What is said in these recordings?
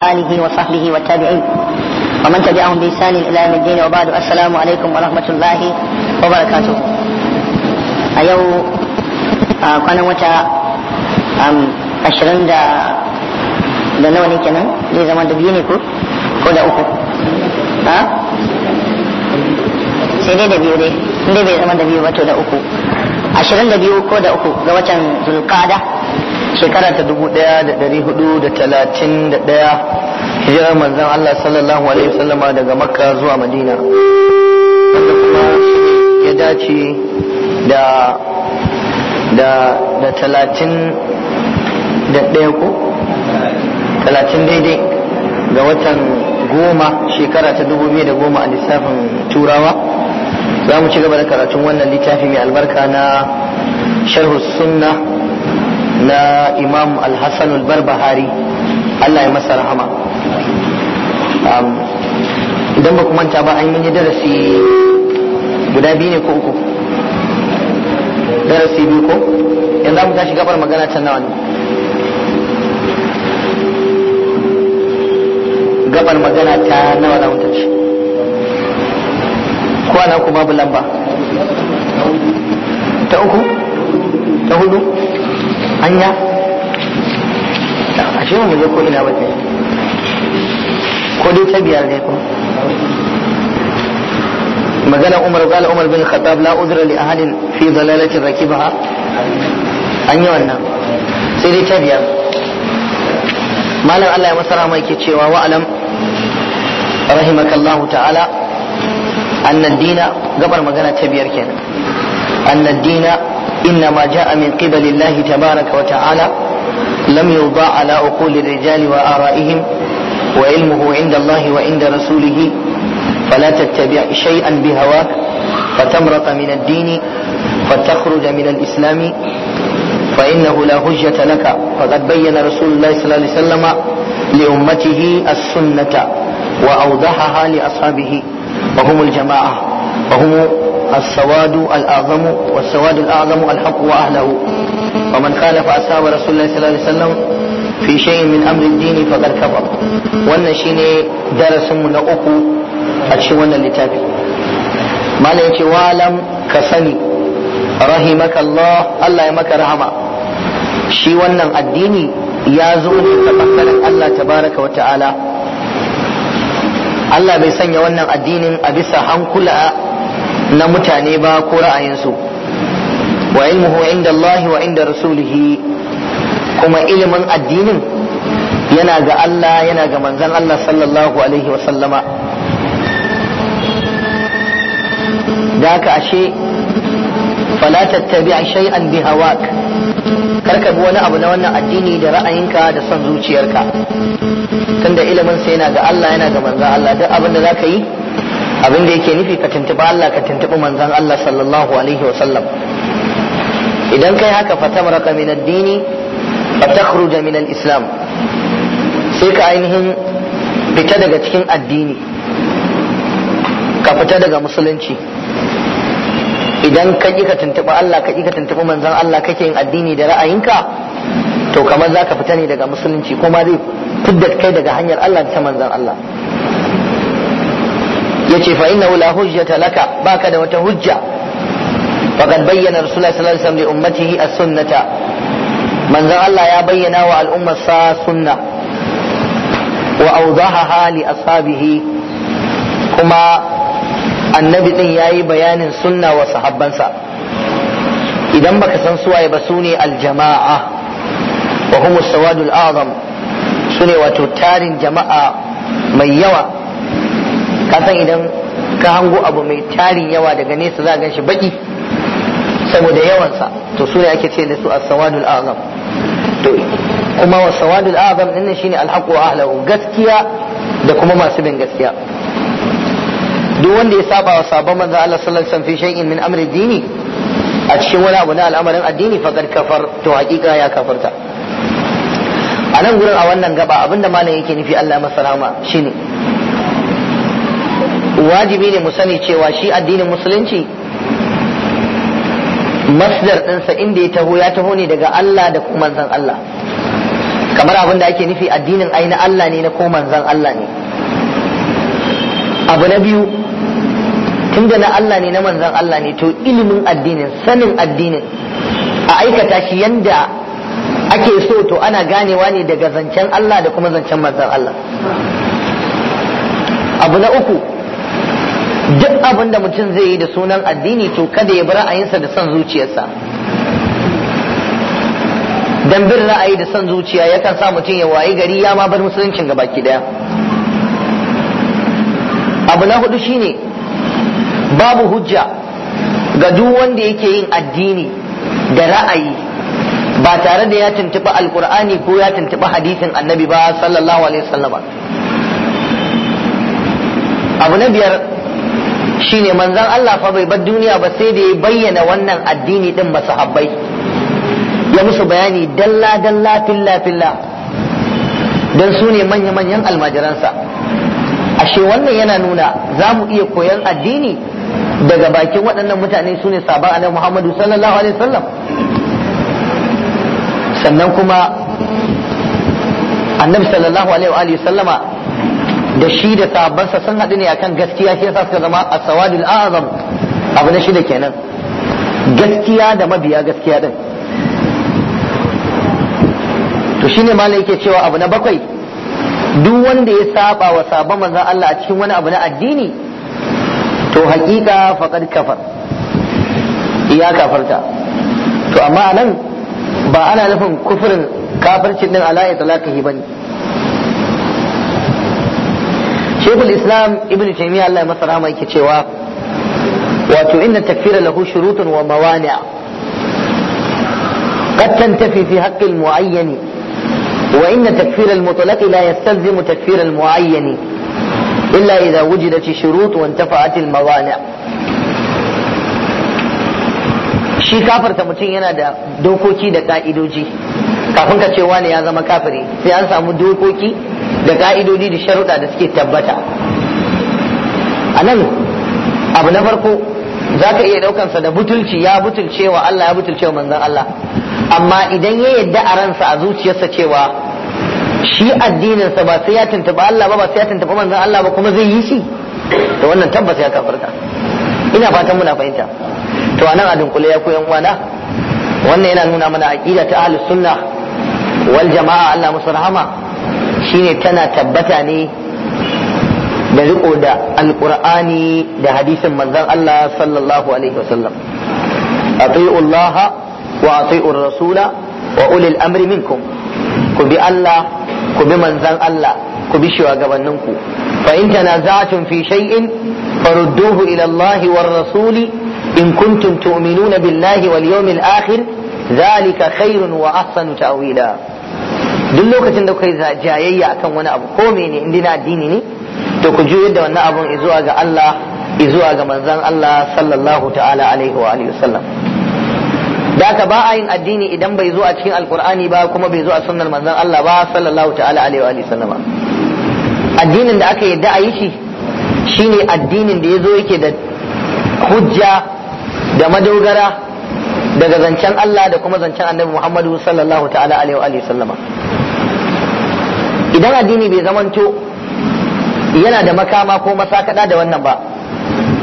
آله وصحبه والتابعين ومن تبعهم بإحسان إلى يوم الدين وبعد السلام عليكم ورحمة الله وبركاته أيو كان متى أم دا da nawa ne kenan zama da biyu ko da uku ha da biyu dai inda bai zama da biyu ba to da uku ashirin da biyu ko da uku ga watan zulqada shekara ta dubu ɗaya da dari hudu da talatin da ɗaya hijirar manzon Allah sallallahu alaihi wasallama daga makka zuwa madina wanda kuma ya dace da talatin da ɗaya ko talatin daidai ga watan goma shekara ta dubu biyu da goma a lissafin turawa za mu ci gaba da karatun wannan littafi mai albarka na sharhu sunna na imam al-hassan al-barbahari allah ya masa rahama idan ba ku manta ba an yi darasi guda biyu ne ko uku darasi biyu ko yanzu za mu tashi gabar magana can nawa ne gabar magana ta nawa na mutaci ko ana ku babu lamba ta uku ta hudu anya a shi mu je ko ina ba ta ko dai ta biyar ne ko magana umar qala umar bin khattab la udra li ahadin fi dalalatin rakibaha an yi wannan sai dai ta biyar malam Allah ya masara mai ke cewa wa alam rahimakallahu ta'ala annan dina gabar magana ta biyar kenan annan dina إنما جاء من قبل الله تبارك وتعالى لم يوضع على عقول الرجال وآرائهم وعلمه عند الله وعند رسوله فلا تتبع شيئا بهواك فتمرق من الدين فتخرج من الإسلام فإنه لا هجة لك فقد بين رسول الله صلى الله عليه وسلم لأمته السنة وأوضحها لأصحابه وهم الجماعة وهم السواد الأعظم والسواد الأعظم الحق وأهله ومن خالف أصحاب رسول الله صلى الله عليه وسلم في شيء من أمر الدين فقد كفر وأن شيني درس من أكو أتشوان لتابي ما ليك وعلم كسني رحمك الله الله يمك رحمه shi wannan addini ya zo da bangaren Allah tabaraka wata'ala Allah bai sanya wannan addinin a bisa hankula na mutane ba ko ra'ayinsu wa ilmuhu inda Allah wa inda rasulihi kuma ilimin addinin yana ga Allah yana ga manzan Allah sallallahu alaihi sallama. da haka ashe fala tattabi shay'an bi hawak karka bi wani abu na wannan addini da ra'ayinka da son zuciyarka tunda ilimin sai yana ga Allah yana ga manzan Allah duk abin da zaka yi abin da yake nufi ka tuntuɓi Allah ka tuntuɓi manzon Allah sallallahu alaihi wa sallam idan kai haka maraka min addini takhruja min al-islam sai ka ainihin fita daga cikin addini ka fita daga musulunci idan ka ki ka tuntuɓi Allah ka ki ka tuntuɓi manzon Allah kake yin addini da ra'ayinka to kamar za ka fita ne daga musulunci kuma zai fidda kai daga hanyar Allah da ta manzon Allah yace fa innahu la hujjata laka baka da wata hujja faqad bayyana rasulullahi sallallahu alaihi wasallam li ummatihi as-sunnata manzon Allah ya bayyana wa al'ummar sa sunna wa awdahaha li ashabihi kuma annabi din yayi bayanin sunna wa sahabbansa idan baka san suwaye ba sune al-jama'a wa humus sawadul a'zam sune wato tarin jama'a mai yawa kasan idan ka hango abu mai tarin yawa daga nesa za a gan shi baki saboda yawansa to su ne ake ce da su a sawadul azam to kuma wa sawadul azam din shine ne haqu wa ahlihi gaskiya da kuma masu bin gaskiya duk wanda ya saba wa sabon manzo Allah sallallahu alaihi wasallam fi shay'in min amri dini a cikin wani abu na al'amarin addini faqad kafar to hakika ya kafarta a nan gurin a wannan gaba abinda malam yake nufi Allah masa rahama shine wajibi ne mu sani cewa shi addinin musulunci masdar ɗinsa inda ya taho ya taho ne daga Allah da kuma manzon Allah kamar abin da ake nufi addinin ai na Allah ne na ko manzon Allah ne abu na biyu tunda na Allah ne na manzon Allah ne to ilimin addinin sanin addinin a aikata shi yanda ake so to ana ganewa ne daga zancen Allah da kuma zancen manzan Allah abu na uku duk abin da mutum zai yi da sunan addini to kada ya bi ra'ayinsa da son zuciyarsa dan bin ra'ayi da son zuciya yakan sa mutum ya wayi gari ya ma bar musuluncin ga baki daya abu na hudu shine babu hujja ga duk wanda yake yin addini da ra'ayi ba tare da ya tuntuɓi alkur'ani ko ya tuntuɓi hadisin annabi ba sallallahu alaihi wasallam abu na biyar shine manzon Allah fa bai bar duniya ba sai da ya bayyana wannan addini din masahabbai ya musu bayani dalla dalla filla filla dan su ne manya manyan almajiransa ashe wannan yana nuna za mu iya koyan addini daga bakin waɗannan mutane su ne sabon annabi Muhammadu sallallahu alaihi wasallam sannan kuma annabi sallallahu alaihi wa sallama da shi da sabonsa sun haɗu ne akan gaskiya shi yasa suka zama a sawadul a'zam abu na shida kenan gaskiya da mabiya gaskiya din to ne malai yake cewa abu na bakwai duk wanda ya saba wa sabon manzon Allah a cikin wani abu na addini to haƙiƙa faqad kafar iya kafarta to amma anan ba ana nufin kufurin kafircin din ala itlaqihi bane شيخ الاسلام ابن تيميه الله مثلا ما يكتشوا واتو ان التكفير له شروط وموانع قد تنتفي في حق المعين وان التكفير المطلق لا يستلزم تكفير المعين الا اذا وجدت شروط وانتفعت الموانع shi kafarta mutum yana da dokoki da ka'idoji kafin ka ce wani ya zama kafiri da ka'idodi da sharuɗa da suke tabbata a nan abu na farko za ka iya ɗaukansa da butulci ya butulce wa Allah ya butulce wa manzan Allah amma idan ya yadda a ransa a zuciyarsa cewa shi addininsa ba sai ya tuntuɓa Allah ba ba sai ya tuntuɓa manzan Allah ba kuma zai yi shi to wannan tabbas ya kafarta ina fatan muna fahimta to a nan a dunkule ya koyan uwana wannan yana nuna mana aƙida ta ahlus sunna wal jama'a Allah musu rahama shine tana tabbata ne da riko da alqur'ani da hadisin manzon Allah sallallahu alaihi wasallam ati'u Allah wa ati'u rasula wa ulil amri minkum ku bi Allah ku bi manzon Allah ku bi shugabanninku fa in tanaza'tum fi shay'in farudduhu ila Allah war rasuli in kuntum tu'minuna billahi wal yawmil akhir ذلك خير وأحسن تأويلا duk lokacin da kai jayayya akan wani abu ko mene in dina addini ne to ku juyar da wannan abun izuwa ga Allah izuwa ga manzon Allah sallallahu ta'ala alaihi wa alihi wasallam da ka ba a yin addini idan bai zo a cikin alkur'ani ba kuma bai zo a sunnar manzon Allah ba sallallahu ta'ala alaihi wa alihi wasallam addinin da aka yadda a yi shi shine addinin da ya zo yake da hujja da madogara daga zancen Allah da kuma zancen annabi Muhammadu sallallahu ta'ala alaihi sallama idan addini bai zamanto yana da makama ko masakada da wannan ba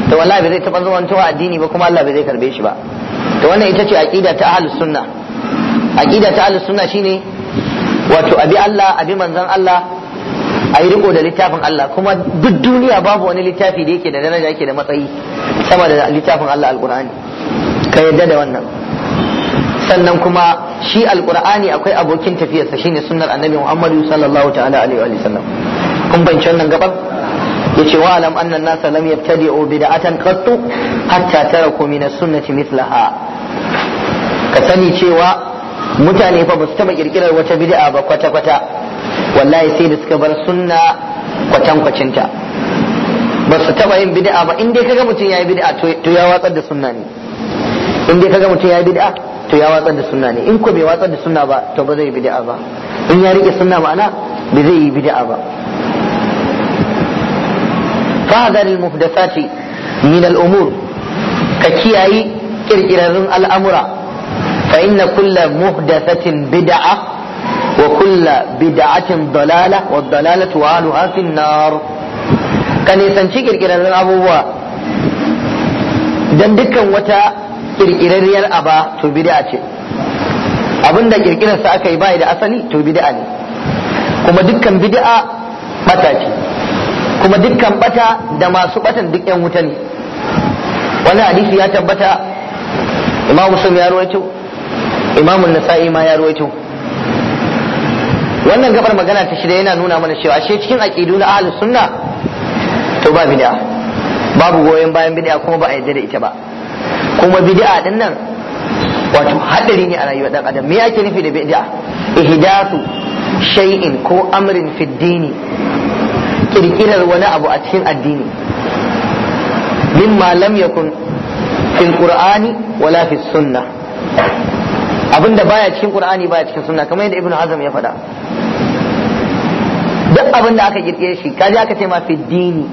to wallahi bai zai taba zamantowa addini ba kuma Allah bai zai karbe shi ba to wannan ita ce aqida ta ahlus sunna aqida ta ahlus sunna shine wato abi Allah abi manzon Allah a yi riko da littafin Allah kuma duk duniya babu wani littafi da yake da daraja yake da matsayi sama da littafin Allah alkur'ani ka yadda da wannan sannan kuma shi alkurani akwai abokin tafiyarsa shine sunnar annabi muhammadu sallallahu ta'ala alaihi wa sallam kun bayyana wannan gabar yace wa alam anna an-nas lam yabtadi'u bid'atan qattu hatta taraku min as-sunnati mithlaha ka sani cewa mutane fa ba su taba kirkirar wata bid'a ba kwata kwata wallahi sai da suka bar sunna kwatankwacinta ba su taba yin bid'a ba in dai kaga mutum yayi bid'a to ya watsar da sunna ne in dai kaga mutum yayi bid'a to ya watsar da sunna ne in ko bai watsar da sunna ba to ba zai bid'a ba in ya rike sunna ma'ana ba zai yi bid'a ba fa'adar al-muhdathati min al-umur ka kiyayi ƙirƙirarrun al'amura fa inna kulla muhdathatin bid'a wa kulla bid'atin dalala wa dalalatu ahluha fi an-nar ka nisanci kirkirarrun abubuwa dan dukkan wata kirkirarriyar aba to bid'a ce abinda kirkirar sa aka yi bai da asali to bid'a ne kuma dukkan bid'a bata ce kuma dukkan bata da masu batan duk yan wuta ne wani hadisi ya tabbata imamu sun ya ruwaito imamu nasa'i ma ya ruwaito wannan gabar magana ta shida yana nuna mana cewa ashe cikin aqidu na ahlus sunna to ba bid'a babu goyon bayan bid'a kuma ba a yarda da ita ba kuma bid'a din nan wato hadari ne a rayuwar dan adam me ake nufi da bid'a ihdathu shay'in ko amrin fi dini kirkirar wani abu a cikin addini min mimma lam yakun fil qur'ani wala fi sunnah abinda baya cikin qur'ani baya cikin sunna kamar yadda ibnu hazm ya faɗa duk abinda aka kirkire shi kaje aka ce ma fi dini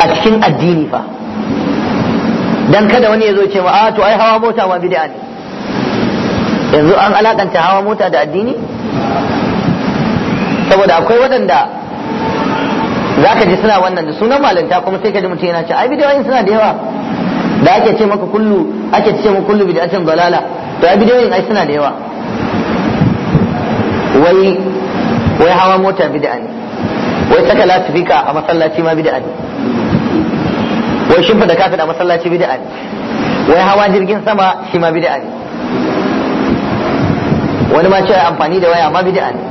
a cikin addini fa dan kada wani ya zo ce ma a ah, to ai hawa mota ma bid'a ne yanzu an alakanta hawa mota da addini saboda akwai waɗanda za ka ji suna wannan da sunan malanta kuma sai ka ji mutum yana ce ai bidiyoyin suna da yawa da ake ce maka kullu ake ce maka kullu bid'atin dalala to ai bidiyoyin ai suna da yawa wai wai hawa mota bid'a ne wai saka lasifika a masallaci ma bid'a ne wai shimfa da kafin a masallaci bid'a ne wai hawa jirgin sama shi ma bid'a ne wani ma ce amfani da waya ma bid'a ne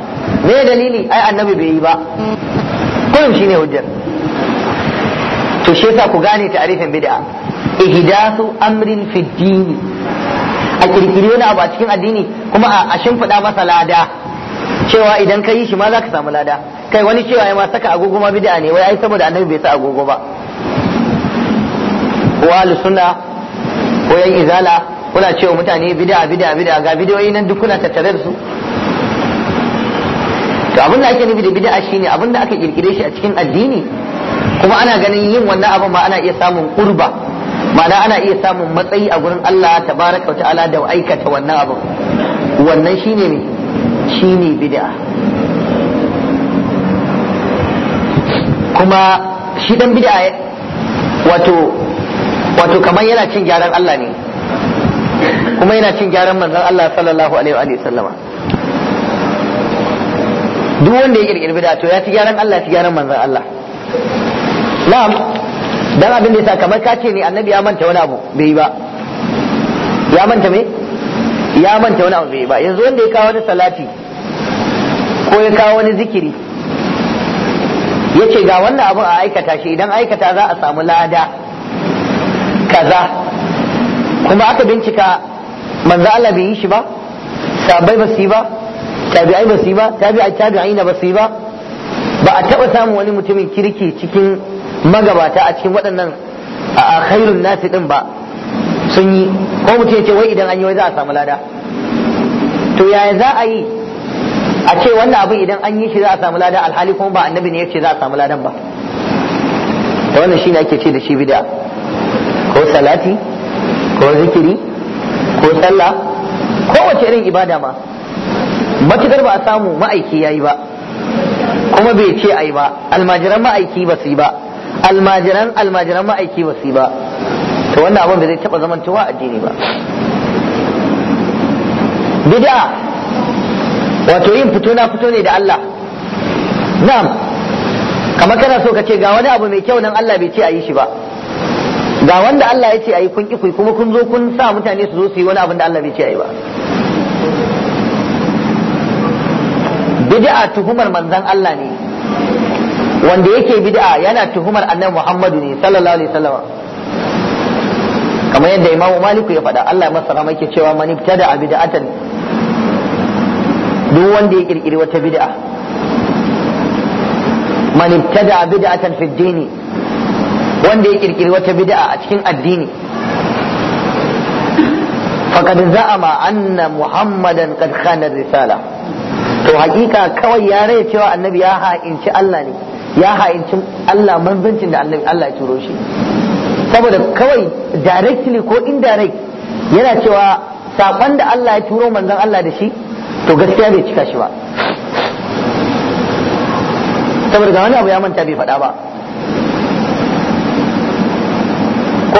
me dalili ai annabi bai yi ba kullum shine hujjar to shi yasa ku gane ta'arifin bid'a ihdathu amrin fi dini a kirkiri wani abu a cikin addini kuma a shimfiɗa masa lada cewa idan ka yi shi ma za ka samu lada kai wani cewa ya ma saka agogo ma bid'a ne wai ai saboda annabi bai sa agogo ba ko ahlus sunna ko yan izala kuna cewa mutane bid'a bid'a bid'a ga bidiyoyi nan duk kuna tattare da su to abin da ake nufi da bid'a shine abin da aka kirkire shi a cikin addini kuma ana ganin yin wannan abin ma ana iya samun kurba ma'ana ana iya samun matsayi a gurin Allah tabaraka wa ta'ala da aikata wannan abin wannan shine ne shine bid'a kuma shi dan bid'a wato wato kamar yana cin gyaran Allah ne kuma yana cin gyaran manzon Allah sallallahu alaihi wa sallama duk wanda ya kirkiri bid'a to ya ci gyaran Allah ya ci gyaran manzon Allah na'am dan abin da yasa kamar ka ce ne annabi ya manta wani abu bai ba ya manta me ya manta wani abu bai ba yanzu wanda ya kawo wani salati ko ya kawo wani zikiri yace ga wannan abun a aikata shi idan aikata za a samu lada kaza kuma aka bincika manzo Allah bai yi shi ba sabai ba su yi ba tabi'ai ba su yi ba tabi'ai tabi'ai ba su yi ba ba a taba samun wani mutumin kirki cikin magabata a cikin waɗannan a khairun nasi din ba sun yi ko mutum ya ce wai idan an yi wai za a samu lada to yaya za a yi a ce wannan abin idan an yi shi za a samu lada alhali kuma ba annabi ne ya ce za a samu ladan ba da wannan ne ake ce da shi bid'a ko salati ko zikiri ko sallah ko kowace irin ibada ma matukar ba a samu ma'aiki ya yi ba kuma bai ce a yi ba almajiran ma'aiki ba su yi ba almajiran almajiran ma'aiki ba su yi ba to wannan abin da zai taba zamantowa addini ba bid'a wato yin fito na fito ne da Allah na'am kamar kana so ka ce ga wani abu mai kyau nan Allah bai ce a yi shi ba ga wanda Allah ya ce ayi kun kifi kuma kun zo kun sa mutane su zo su yi wani abin da Allah bai ce ayi ba bid'a tuhumar manzan Allah ne wanda yake bid'a yana tuhumar annabi Muhammadu ne sallallahu alaihi wasallam kamar yadda Imam Malik ya faɗa Allah ya masa rahama yake cewa man ibtada bid'atan duk wanda ya kirkiri wata bid'a man ibtada bid'atan fi dini wanda ya kirkiri wata bid'a a cikin addini faqad za'ama anna muhammadan qad khana risala to hakika kawai ya rai cewa annabi ya ha'inci Allah ne ya ha'inci Allah manzancin da annabi Allah ya turo shi saboda kawai directly ko indirect yana cewa saƙon da Allah ya turo manzon Allah da shi to gaskiya bai cika shi ba saboda ga wani abu ya manta bai faɗa ba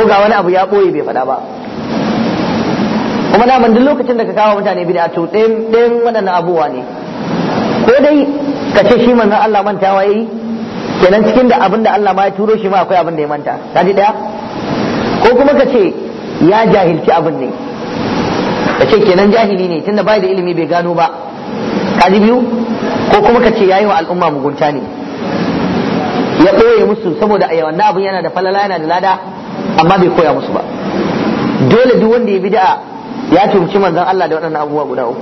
ko ga wani abu ya ɓoye bai faɗa ba kuma daman duk lokacin da ka kawo mutane bid'a to ɗayan waɗannan abubuwa ne ko dai ka ce shi manzon Allah mantawa yayi kenan cikin da abin da Allah ma ya turo shi ma akwai abin da ya manta kaji daya ko kuma ka ce ya jahilci abin ne ka ce kenan jahili ne tunda bai da ilimi bai gano ba kaji biyu ko kuma ka ce yayi wa al'umma mugunta ne ya ɓoye musu saboda a abun abin yana da falala yana da lada amma bai koya musu ba dole duk wanda ya bid'a ya tumci manzan Allah da waɗannan abubuwa guda uku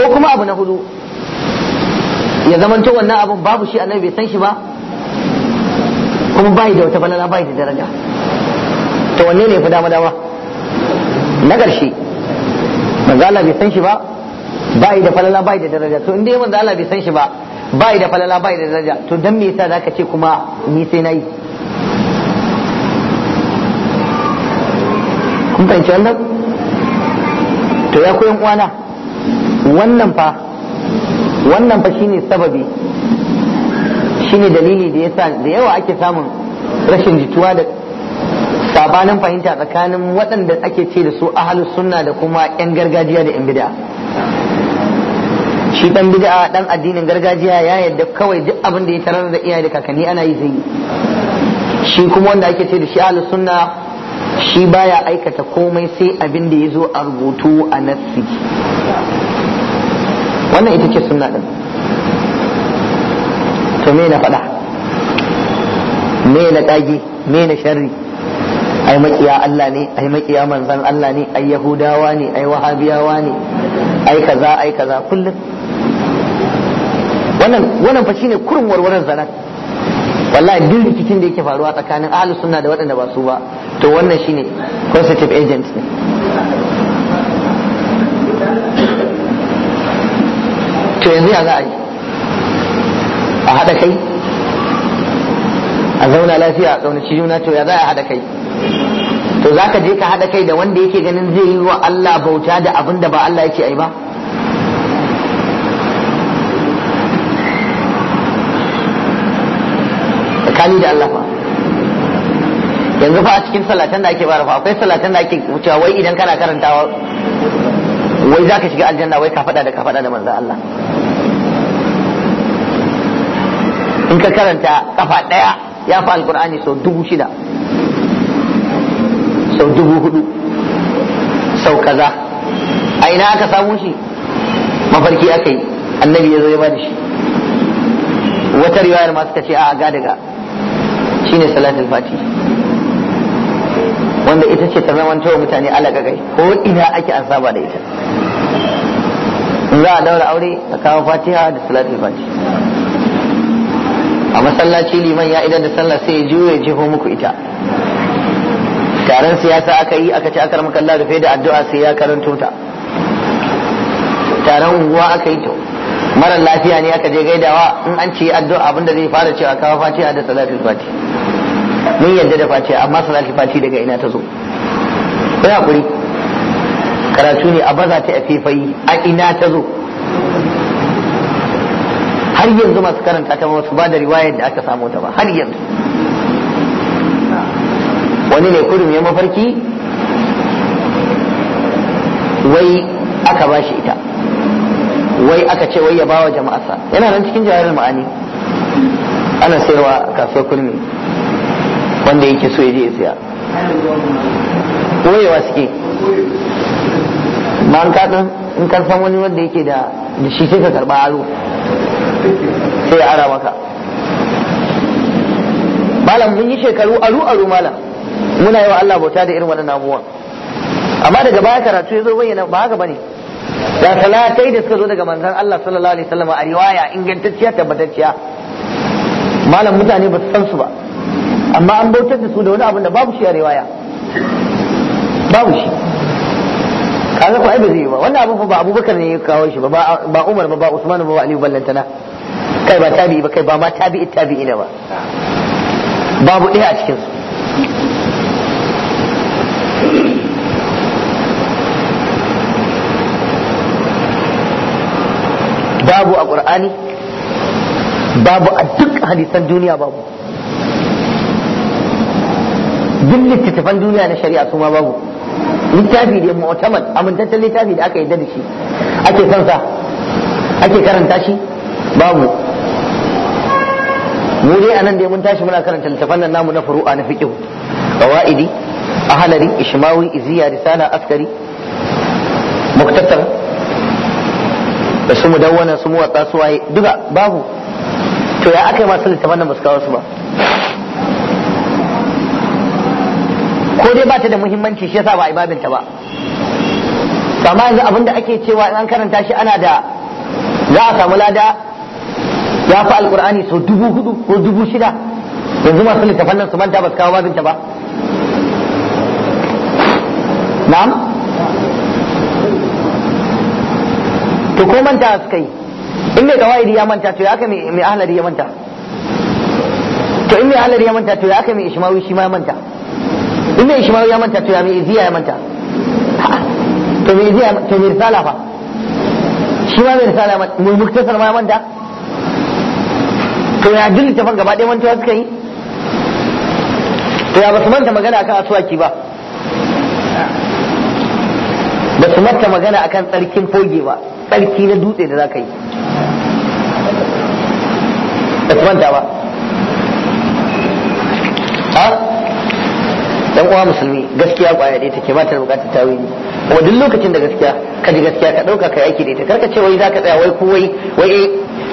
ko kuma abu na hudu ya zamanto wannan abun babu shi annabi bai san shi ba kuma bai da wata balala bai da daraja to wanne ne fi dama dama na ƙarshe manzan Allah bai san shi ba bai da falala bai da daraja to indai manzan Allah bai san shi ba bai da falala bai da daraja to dan me yasa zaka ce kuma ni sai nayi kun fahimci wannan to ya koyan uwana wannan fa wannan fa shine sababi shine dalili da yasa da yawa ake samun rashin jituwa da sabanin fahimta tsakanin waɗanda ake ce da su ahalus sunna da kuma 'yan gargajiya da 'yan bid'a shi dan bid'a dan addinin gargajiya ya yadda kawai duk abin da ya tarar da iyaye da kakanni ana yi zai shi kuma wanda ake ce da shi ahlus sunna shi baya aikata komai sai abin da ya zo a rubutu a nassi wannan ita ce suna ɗin to me na faɗa me na ƙage me na sharri ai makiya Allah ne ai makiya manzan Allah ne ai yahudawa ne ai wahabiyawa ne ai kaza ai kaza kullum wannan wannan fa shine kurin warwaran zanan wallahi duk rikicin da yake faruwa tsakanin ahlus sunna da waɗanda ba su ba to wannan shine constitutive agent ne to yanzu ya za a yi a haɗa kai a zauna lafiya a tsaunaci juna to ya za a haɗa kai to za ka je ka haɗa kai da wanda yake ganin zai yi wa Allah bauta da abin da ba Allah yake yi ba kani da Allah fa. yanzu fa a cikin salatan da ake bara fa akwai salatan da ake wucewa wai idan kana karantawa wai za ka shiga aljanna wai ka faɗa da ka faɗa da manzan Allah in ka karanta kafa ɗaya ya fi alkur'ani sau dubu shida sau dubu hudu sau kaza a ina aka samu shi mafarki aka yi annabi ya zo ya bada shi wata riwayar masu kace a ga daga shine salatul fatih wanda ita ce ta zamanta wa mutane alaka kai ko ina ake an saba da ita in za a daura aure a kawo fatiha da salatul fatiha a masallaci liman ya idan da sallah sai ya juyo ya jefo muku ita taron siyasa aka yi aka ci akar makalla rufe da addu'a sai ya karanto ta taron unguwa aka yi to mara lafiya ne aka je gaidawa in an ci addu'a abinda zai fara cewa kawo fatiha da salatul fatiha mun yadda da face amma salatul fati daga ina ta zo ku hakuri karatu ne a baza ta afefai a ina ta zo har yanzu masu karanta ta ba su ba da riwayar da aka samu ta ba har yanzu wani ne kurum ya mafarki wai aka ba shi ita wai aka ce wai ya ba wa jama'arsa yana nan cikin jawarar ma'ani ana sayarwa kasuwar kurmi wanda yake so ya je ya siya koyewa suke ba kaɗan in karfan wani wanda yake da shi sai ka karɓa aro sai ya ara maka malam mun yi shekaru aro aro malam muna yi wa Allah bauta da irin wannan abubuwan amma daga baya karatu ya zo bayyana ba haka bane da salatai da suka zo daga manzon Allah sallallahu alaihi wasallam a riwaya ingantacciya tabbatacciya malam mutane ba su san su ba amma an bautar da su da wani abin da babu shi a riwaya babu shi kaga ko ai ba zai yi ba wannan abin ba Abubakar ne ya kawo shi ba ba Umar ba ba Usman ba ba Ali ballantana kai ba tabi'i ba kai ba ma tabi'i tabi'ina ba babu ɗaya a cikin su babu a ƙur'ani babu a duk hadisan duniya babu duk littattafan duniya na shari'a su ma babu littafi da mu'tamad amintaccen littafi da aka yadda da shi ake son sa ake karanta shi babu mu dai anan dai mun tashi muna karanta littafan nan namu na furu'a na fiqh qawaidi ahlari ishmawi iziya risala askari muktasar da su mudawwana su muwatta su waye duka babu to ya aka yi masu littafan nan ba su kawo su ba ko dai bata da muhimmanci shi yasa ba a ibadanta ba amma yanzu abin da ake cewa in an karanta shi ana da za a samu lada ya fi alkur'ani sau dubu hudu ko dubu shida yanzu masu littafan nan su manta ba su kawo babinta ba na'am to ko manta su kai, in mai kawaidi ya manta to ya aka mai ahalari ya manta to in mai ahalari ya manta to ya aka mai ishmawi shi ma ya manta in mai ishmaru ya manta to ya mai iziya ya manta to mai iziya to mai risala fa shi ma mai risala mai muktasar ma ya manta to ya duk littafin gaba ɗaya wancan suka yi to ya ba su manta magana akan asuwaki ba ba su manta magana akan tsarkin foge ba tsarki na dutse da za ka yi ba su manta ba dan uwa musulmi gaskiya kwaya dai take mata bukatar tawili kuma duk lokacin da gaskiya ka ji gaskiya ka dauka kai aiki da ta karka ce wai zaka tsaya wai ku wai wai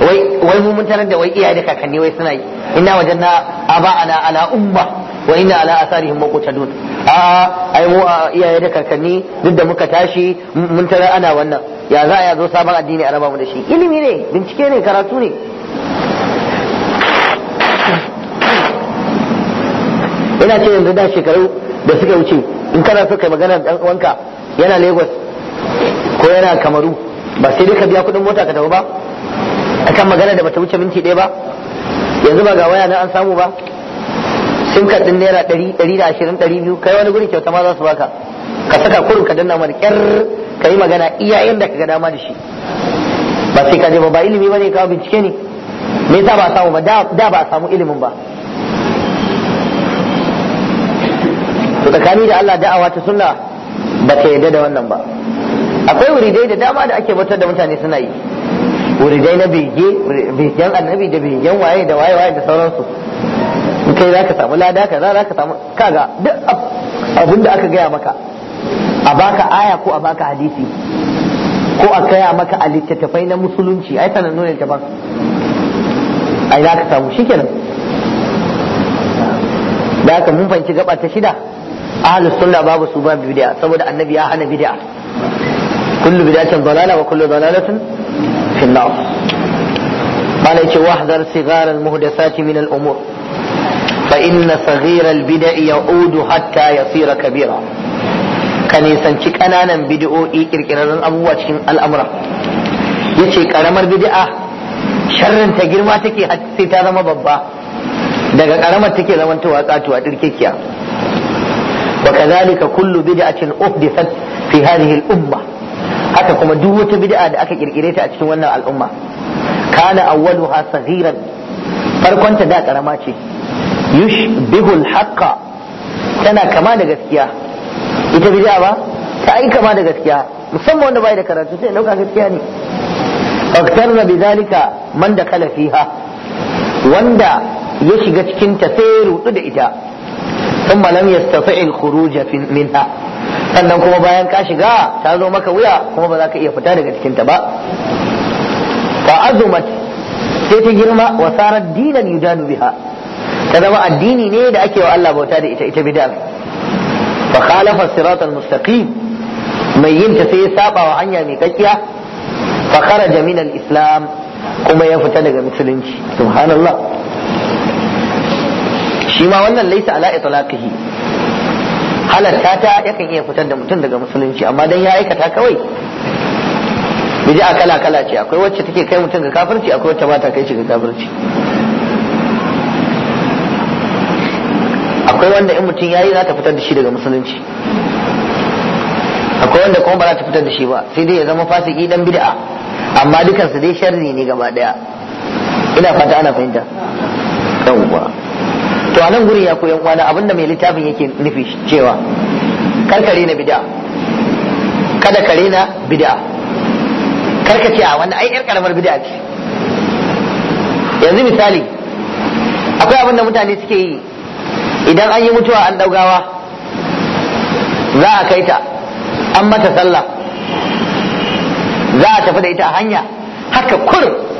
wai wai mu mun tarar da wai iyaye da kakanni wai suna yi inna wajanna ana ala umma wa inna ala asarihim muqtadun a ai mu iyaye da kakanni duk da muka tashi mun tarar ana wannan ya za a yazo sabon addini a raba mu da shi ilimi ne bincike ne karatu ne ina ce yanzu da shekaru da suka wuce in kana so kai magana da uwanka yana Lagos ko yana Kamaru ba sai dai ka biya kuɗin mota ka tafi ba akan magana da bata wuce minti ɗaya ba yanzu ba ga waya na an samu ba sim card din naira ɗari ɗari da ashirin ɗari biyu kai wani guri kyauta ma za su baka ka saka kurin ka danna mana ƙyar ka yi magana iya inda ka ga dama da shi ba sai ka je ba ilimi ba ne ka bincike ne me yasa ba samu ba da ba samu ilimin ba tsakani da Allah da'awa ta sunna ba ta yadda da wannan ba akwai wuridai da dama da ake batar da mutane suna yi wuridai na bege begen annabi da begen waye da waye waye da sauransu kai za ka samu lada ka za ka samu kaga duk abin da aka gaya maka a baka aya ko a baka hadisi ko a kaya maka a littattafai na musulunci ai sanan nuna ta ban ai za ka samu shikenan da haka mun fanci gaba ta shida ahli sunna babu su ban saboda annabi ya hana bid'a kullu bid'atin dalala wa kullu dalalatin fi an-nar qala yace wahdar sigar al-muhdathati min al-umur fa inna saghira al-bid'a ya'udu hatta yasira kabira ka nisanci kananan bid'o'i kirkirarren abubuwa cikin al'amura yace karamar bid'a sharrinta girma take sai ta zama babba daga karamar take zamantowa tsatuwa tirkikiya وكذلك كل بدعة أحدثت في هذه الأمة haka kuma duk wata bid'a da aka kirkire ta a cikin wannan al'umma kana awwaluha saghiran farkon ta da karama ce yushbihul haqqa tana kama da gaskiya ita bid'a ba ta yi kama da gaskiya musamman wanda ya da karatu sai dauka gaskiya ne man fiha wanda ya shiga da ita thumma lam yastati' al minha sannan kuma bayan ka shiga ta zo maka wuya kuma ba za ka iya fita daga cikin ta ba fa azumat sai ta girma wa sarar dinan yudanu biha ta zama addini ne da ake wa Allah bauta da ita ita bid'a fa khalafa siratal mustaqim mai yin ta sai ya saba wa hanya mai kakkiya fa kharaja islam kuma ya fita daga musulunci subhanallah shi ma wannan laisa ala itlaqihi halatta ta yakan iya fitar da mutum daga musulunci amma dan ya aikata kawai bid'a kala kala ce akwai wacce take kai mutum ga kafirci akwai wacce ba ta kai shi ga kafirci akwai wanda in mutum yayi za ta fitar da shi daga musulunci akwai wanda kuma ba za ta fitar da shi ba sai dai ya zama fasiki dan bid'a amma dukansu dai sharri ne gaba daya ina fata ana fahimta yawwa to a nan gurin ya koyan kwana da mai littafin yake nufi cewa karkare na bid'a kada kare na bid'a karka ce a wanda ai yar karamar bid'a ce yanzu misali akwai abin da mutane suke yi idan an yi mutuwa an daugawa za a kai ta an mata sallah za a tafi da ita a hanya haka kurum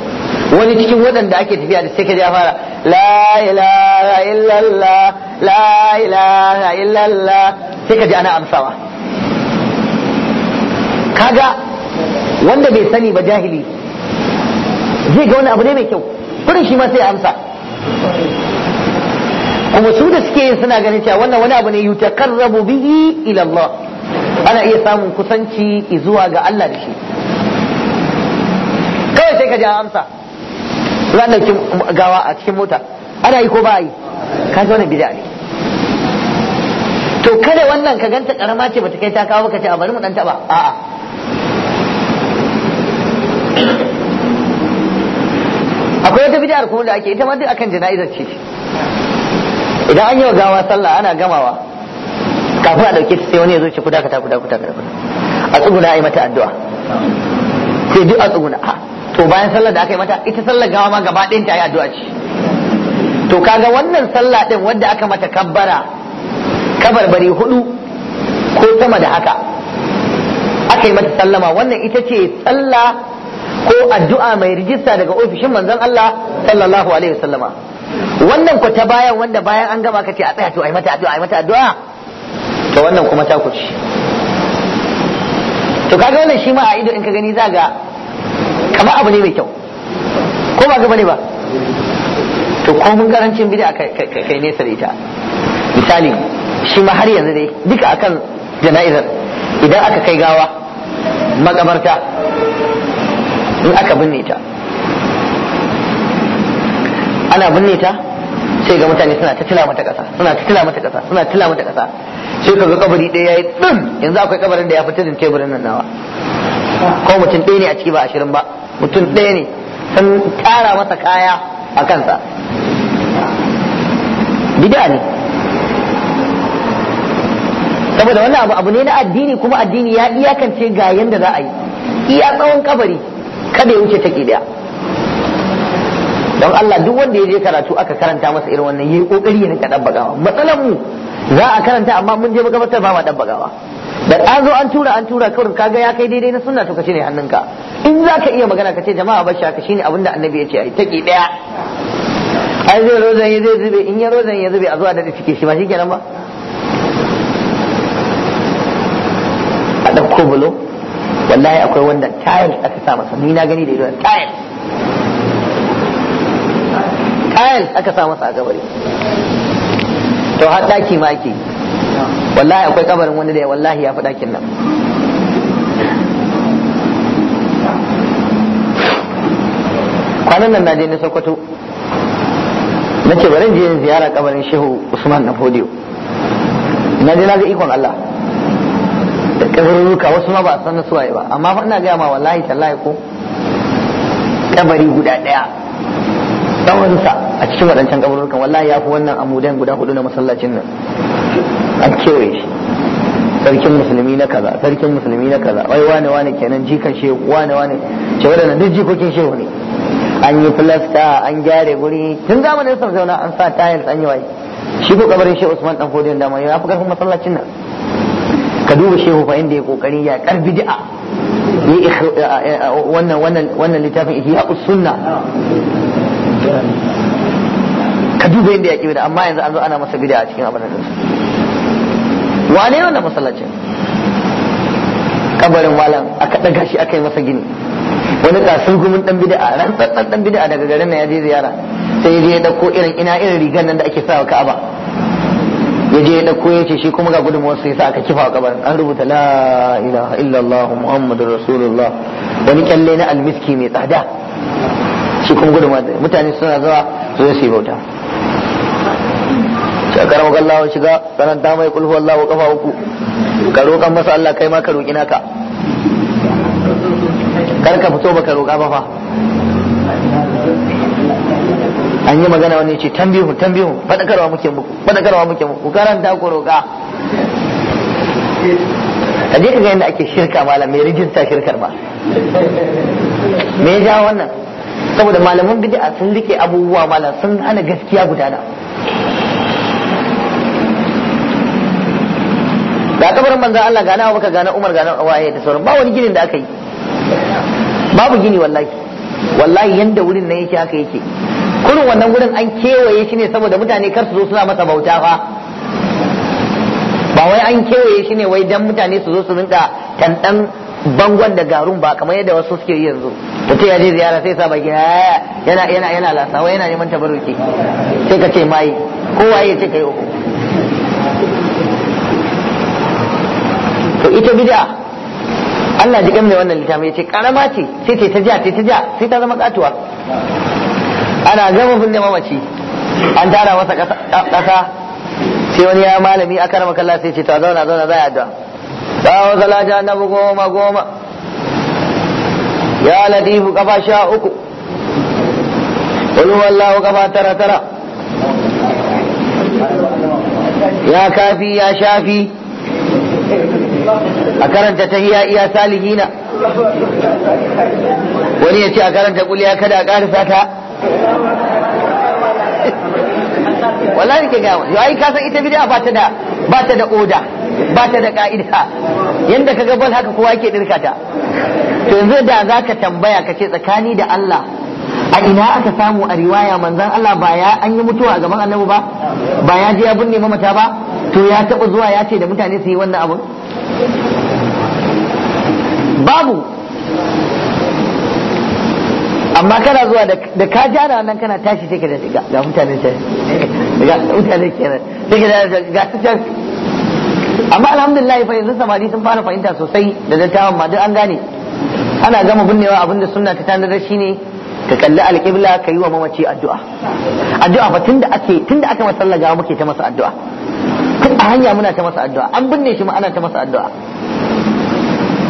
wani cikin waɗanda ake tafiya da sai ka ja fara la ilaha illallah la ilaha illallah sai ka ji ana amsawa kaga wanda bai sani ba jahili zai ga wani abu ne mai kyau kurin shi ma sai amsa kuma su da suke yin suna ganin cewa wannan wani abu ne yutakarrabu bihi ila Allah ana iya samun kusanci zuwa ga Allah da shi kawai sai ka ji amsa za ɗauki gawa a cikin mota ana yi ko ba yi ka zo ne bid'a ne to kada wannan ka ganta karama ce bata kai ta kawo ka ce a bari mu dan taba a'a akwai wata bid'ar kuma da ake ita ma duk akan jana'izar ce idan an yi wa gawa sallah ana gamawa kafin a dauke ta sai wani ya zo ce ku dakata ku ta ku a tsuguna ai yi mata addu'a sai duk a tsuguna a'a to bayan sallar da aka yi mata ita sallar gawa ma gaba ɗin ta yi addu'a ce to kaga wannan sallah din wadda aka mata kabbara kabarbari hudu ko sama da haka aka yi mata sallama wannan ita ce sallah ko addu'a mai rijista daga ofishin manzon Allah sallallahu alaihi wasallama wannan ku ta bayan wanda bayan an gama kace a tsaya to ai mata addu'a ai mata addu'a to wannan kuma ta kuci to kaga wannan shi ma a ido in ka gani zaga kama abu ne mai kyau ko ba gaba ne ba to ko mun karancin bid'a kai nesa da ita misali shi ma har yanzu dai duka akan jana'izar idan aka kai gawa makabarta in aka binne ta ana binne ta sai ga mutane suna ta tila mata kasa suna ta tila mata kasa suna tila mata kasa sai ka ga kabari ɗaya yayi din yanzu akwai kabarin da ya fita da teburin nan nawa ko mutum ɗaya ne a ciki ba ashirin ba mutum ɗaya ne sun ƙara masa kaya a kansa bid'a ne saboda wannan abu abu ne na addini kuma addini ya iyakance ga yadda za a yi iya tsawon kabari kada ya wuce ta daya don Allah duk wanda ya je karatu aka karanta masa irin wannan yayi kokari ne ka dabbagawa matsalar mu za a karanta amma mun je makabartar ba ma dabbagawa da an zo an tura an tura kawai kaga ya kai daidai na sunna to ka ne hannunka in za ka iya magana ka ce jama'a bashi ka shine abinda annabi ya ce ai taki daya ai zai rozan ya zai zube in ya rozan ya zube a zuwa da cike shi ba shi kenan ba a ɗauko bulo wallahi akwai wanda tayar aka sa masa ni na gani da ido tayar tayar aka sa masa a gabari to har daki ma ake wallahi akwai kabarin wani da ya wallahi ya fi ɗakin nan kwanan nan na je na sokoto na ce bari je ziyara kabarin shehu usman na fodiyo na je na ga ikon allah da kabarurruka wasu ma ba a san suwaye ba amma fa ina gaya ma wallahi tallahi ko kabari guda ɗaya tsawonsa a cikin waɗancan kaburukan wallahi ya fi wannan amudan guda hudu na masallacin nan an kewaye shi sarkin musulmi na kaza sarkin musulmi na kaza wai wane wane kenan jikan shehu wane wane ce waɗannan duk jikokin shehu ne an yi filasta an gyare guri tun zamanin sa zauna an sa tayar an yi shi ko kabarin shehu usman dan fodiyon da mai ya fi karfin masallacin nan ka duba shehu fa inda ya kokari ya kar bid'a wannan wannan wannan littafin ihya sunna ka duba yadda ya kibida amma yanzu an zo ana masa bid'a a cikin abin da wane wannan masallacin kabarin malam aka daga shi aka yi masa gini wani kasar gumin dan bid'a ran tsatsan dan bid'a daga garin na ya je ziyara sai ya je ya dauko irin ina irin rigan nan da ake sawa Ka'aba ya je ya dauko ya ce shi kuma ga gudunmuwar sai sa aka kifa kabarin an rubuta la ilaha illallah muhammadur rasulullah wani kyalle na almiski mai tsada su kuma gudunma mutane suna zuwa su su yi bauta shakar maka Allah wa shiga karanta mai kulhu Allah wa kafa uku ka roƙan masa Allah kai ma ka roƙi naka kar ka fito baka roƙa ba fa an yi magana wani ce tambihu tambihu fadakarwa muke muku fadakarwa muke muku karanta ku roƙa a je ka ga yadda ake shirka malam mai rijista shirkar ba me ya ja wannan saboda malaman bid'a sun rike abubuwa mala sun hana gaskiya gudana da kabarin manzo Allah gane Abubakar gane Umar gane waye da sauran ba wani ginin da aka yi babu gini wallahi wallahi yanda wurin nan yake haka yake kurin wannan wurin an kewaye shi ne saboda mutane kar su zo suna masa bauta fa ba wai an kewaye shi ne wai dan mutane su zo su rinka tantan bangon da garun ba kamar yadda wasu suke yi yanzu mutum ya je ziyara sai sa baki yana yana yana lasawa yana neman tabaruki sai ka ce mai kowa ya ce kai uku to ita bid'a Allah ji ne wannan littafin yace karama ce sai ta ja ta ja sai ta zama katuwa ana gama binne mamaci an tara masa kasa sai wani ya malami aka rama kallah sai ce to zauna zauna za a addu'a dawo salata annabi goma goma ya latifu kafa sha uku Ulu wallahu kafa tara tara ya kafi ya shafi a karanta ta hiya iya salihina wani ya ce a karanta kuliya kada a karisa ta wallahi ke gawa yau ai kasan ita bid'a da ba ta da oda ba ta da ka'ida yadda ka ga bal haka kowa ke dirka to yanzu da za ka tambaya ka ce tsakani da Allah a ina aka samu a riwaya manzan Allah ba ya an yi mutuwa a gaban annabi ba ba ya je ya binne mamata ba to ya taɓa zuwa ya ce da mutane su yi wannan abun babu amma kana zuwa da ka ja da wannan kana tashi sai ka da ga mutane ga mutane kenan sai ka da ga amma alhamdulillah fa yanzu samari sun fara fahimta sosai da dattawan ma duk an gane ana gama binnewa abinda sunna ta tanadar shine ka kalli alƙibla ka yi wa mamaci addu'a addu'a fa tunda ake tunda aka masallah gawa muke ta masa addu'a tun a hanya muna ta masa addu'a an binne shi ma ana ta masa addu'a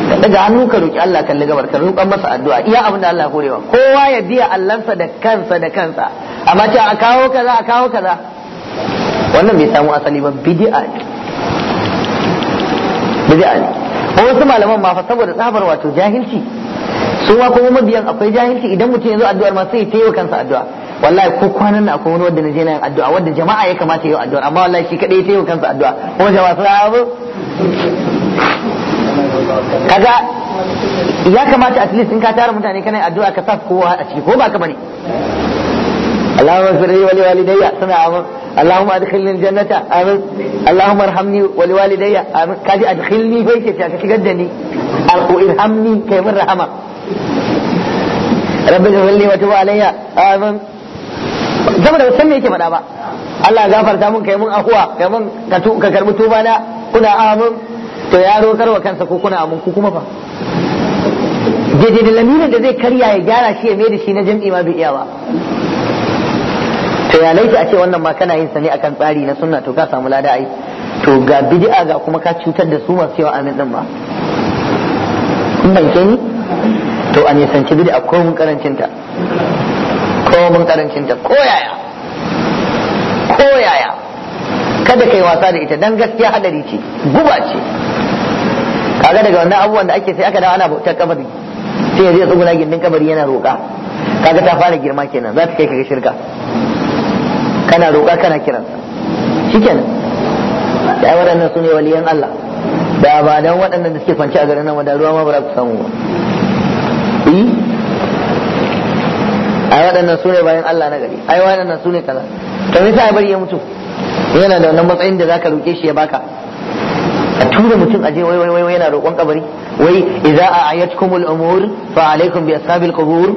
ka daga hannu ka roki Allah kalli gabar ka roƙan masa addu'a iya abin da Allah korewa kowa ya biya Allahnsa da kansa da kansa amma ce a kawo kaza a kawo kaza wannan bai samu asali ba bid'a ne bid'a ne wasu malaman ma fa saboda tsabar wato jahilci su ma kuma mabiyan akwai jahilci idan mutum ya zo addu'ar ma sai ya yi kansa addu'a wallahi ko kwanan nan akwai wani wanda na je na yin addu'a wanda jama'a ya kamata ya yi addu'a amma wallahi shi kadai ya yi kansa addu'a kuma jama'a sun abu kaga ya kamata at least in ka tara mutane kana addu'a ka sa kowa a ciki ko ba ka bane اللهم اغفر لي ولوالدي سنة آمين اللهم ادخلني الجنة آمين اللهم ارحمني ولوالدي آمين كاجي ادخلني بيتك عشان كجدني وارحمني كيف الرحمة رب اغفر لي وتب علي آمين saboda san me yake faɗa ba Allah gafarta mun kai mun afuwa kai mun ka karbi tuba na kuna amin to ya rokar wa kansa ko kuna amin ku kuma fa daidai da lamirin da zai karya ya gyara shi ya mai da shi na jam'i ma bai iya ba to ya laifi a ce wannan ma kana yin sa ne akan tsari na sunna to ka samu lada ai to ga bid'a ga kuma ka cutar da su masu cewa amin din ba kun ban ni to a sanci bid'a ko mun karancin ta ko mun karancin ta ko yaya ko yaya kada kai wasa da ita dan gaskiya hadari ce guba ce kaga daga wannan abubuwan da ake sai aka dawo ana bautar kabari sai ya zai tsuguna gindin kabari yana roƙa kaga ta fara girma kenan za ta kai kaga shirka kana roƙa kana kiran shikenan da waɗannan su ne waliyan Allah da ba dan waɗannan da suke kwance a garin nan wanda ruwa ma ba za ku samu ba eh? ai waɗannan su ne bayan Allah na gari ai waɗannan su ne kaza to me yasa bari ya mutu yana da wannan matsayin da zaka roke shi ya baka a tura mutum aje wai wai wai yana roƙon kabari wai idza a'ayatkumul umur fa alaikum bi ashabil qubur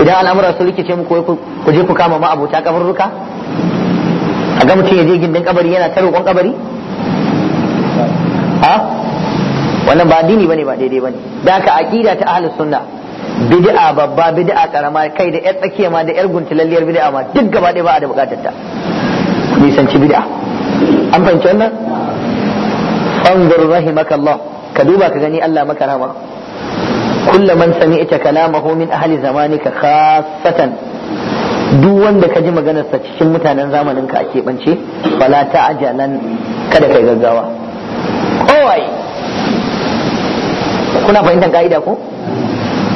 idan al'amura su rikice muku ku je ku kama ma abota kabarruka a ga mutum ya je gindin kabari yana ta roƙon kabari ha wannan ba addini bane ba daidai bane da ka aqida ta ahlus sunna bid'a babba bid'a karama kai da yar tsakiya ma da yar guntulalliyar bid'a ma duk gaba ɗaya ba a da bukatar ta nisanci bid'a an fahimci wannan maka rahimakallah ka duba ka gani Allah maka rahama كل من سمعت كلامه من ahli زمانك khassatan duk wanda ka ji maganarsa cikin mutanen zamanin ka a keɓance ta ajalan kada kai gaggawa kowaye kuna fahimtar ka'ida ko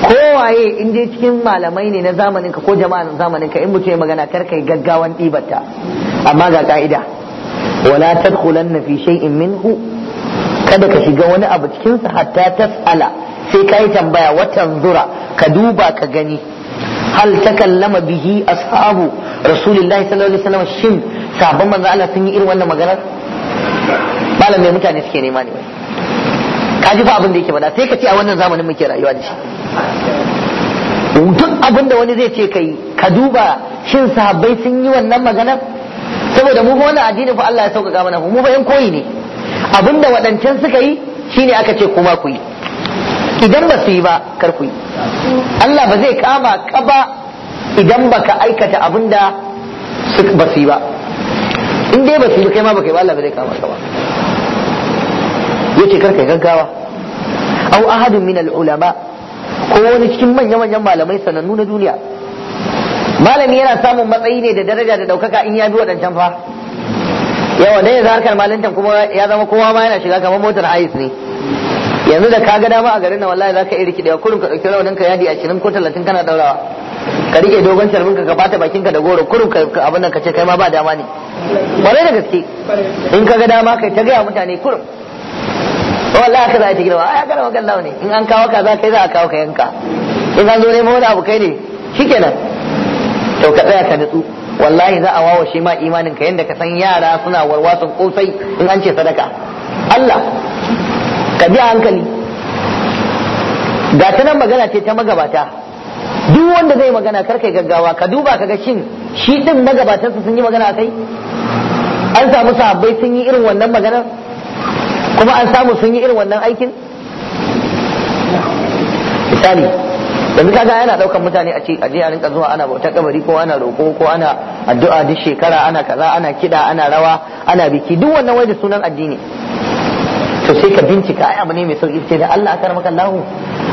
kowaye in dai cikin malamai ne na zamanin ka ko jama'an zamanin ka in mutum ya magana kar kai gaggawan ɗibarta amma ga ka'ida wala tadkhulanna fi shay'in minhu kada ka shiga wani abu cikin sa hatta tas'ala sai ka yi tambaya watan zura ka duba ka gani hal kallama bihi ashabu rasulullahi sallallahu alaihi wasallam shin sabon manzo Allah sun yi irin wannan maganar malam mai mutane suke nema ne ka ji fa abin da yake bada sai ka ce a wannan zamanin muke rayuwa da shi duk abin da wani zai ce kai ka duba shin sahabbai sun yi wannan maganar saboda mu wannan addini fa Allah ya sauƙaƙa mana mu fa yan koyi ne abinda wadancan suka yi shine aka ce kuma ku yi idan ba su yi ba kar ku yi Allah ba zai kama ka ba idan baka aikata abin da ba su yi ba in dai ba su yi kai ma baka yi ba Allah ba zai kama ka ba yace kar kai gaggawa aw ahadun min al ulama ko wani cikin manyan manyan malamai sanannu na duniya malami yana samun matsayi ne da daraja da daukaka in ya bi wadancan fa yawa dai ya harkar malintan kuma ya zama kowa ma yana shiga kamar motar ayis ne yanzu da ka ga dama a garin nan wallahi zaka iya rikide kurun ka dauki rawanin ka yadi 20 ko 30 kana daurawa ka rike dogon charmin ka ka bata bakin ka da goro kurun ka abin nan ka ce kai ma ba dama ne kwarai da gaske in ka ga dama kai ta gaya mutane kurin wallahi ka za a ci girma ai kana ne in an kawo ka za kai za a kawo ka yanka in an zo neman wani abu kai ne shikenan to ka tsaya ka nutsu wallahi za a wawashe ma imanin ka yanda ka san yara suna warwasan kosai in an ce sadaka Allah ka bi hankali ga ta nan magana ce ta magabata duk wanda zai magana kar kai gaggawa ka duba ka ga shin shi din magabatansa sun yi magana kai an samu sahabbai sun yi irin wannan maganar kuma an samu sun yi irin wannan aikin misali yanzu kaga yana daukan mutane a ce a je a rinka zuwa ana bauta kabari ko ana roko ko ana addu'a duk shekara ana kaza ana kida ana rawa ana biki duk wannan wai da sunan addini to sai ka bincika ai abu ne mai sauki ce da Allah aka maka Allah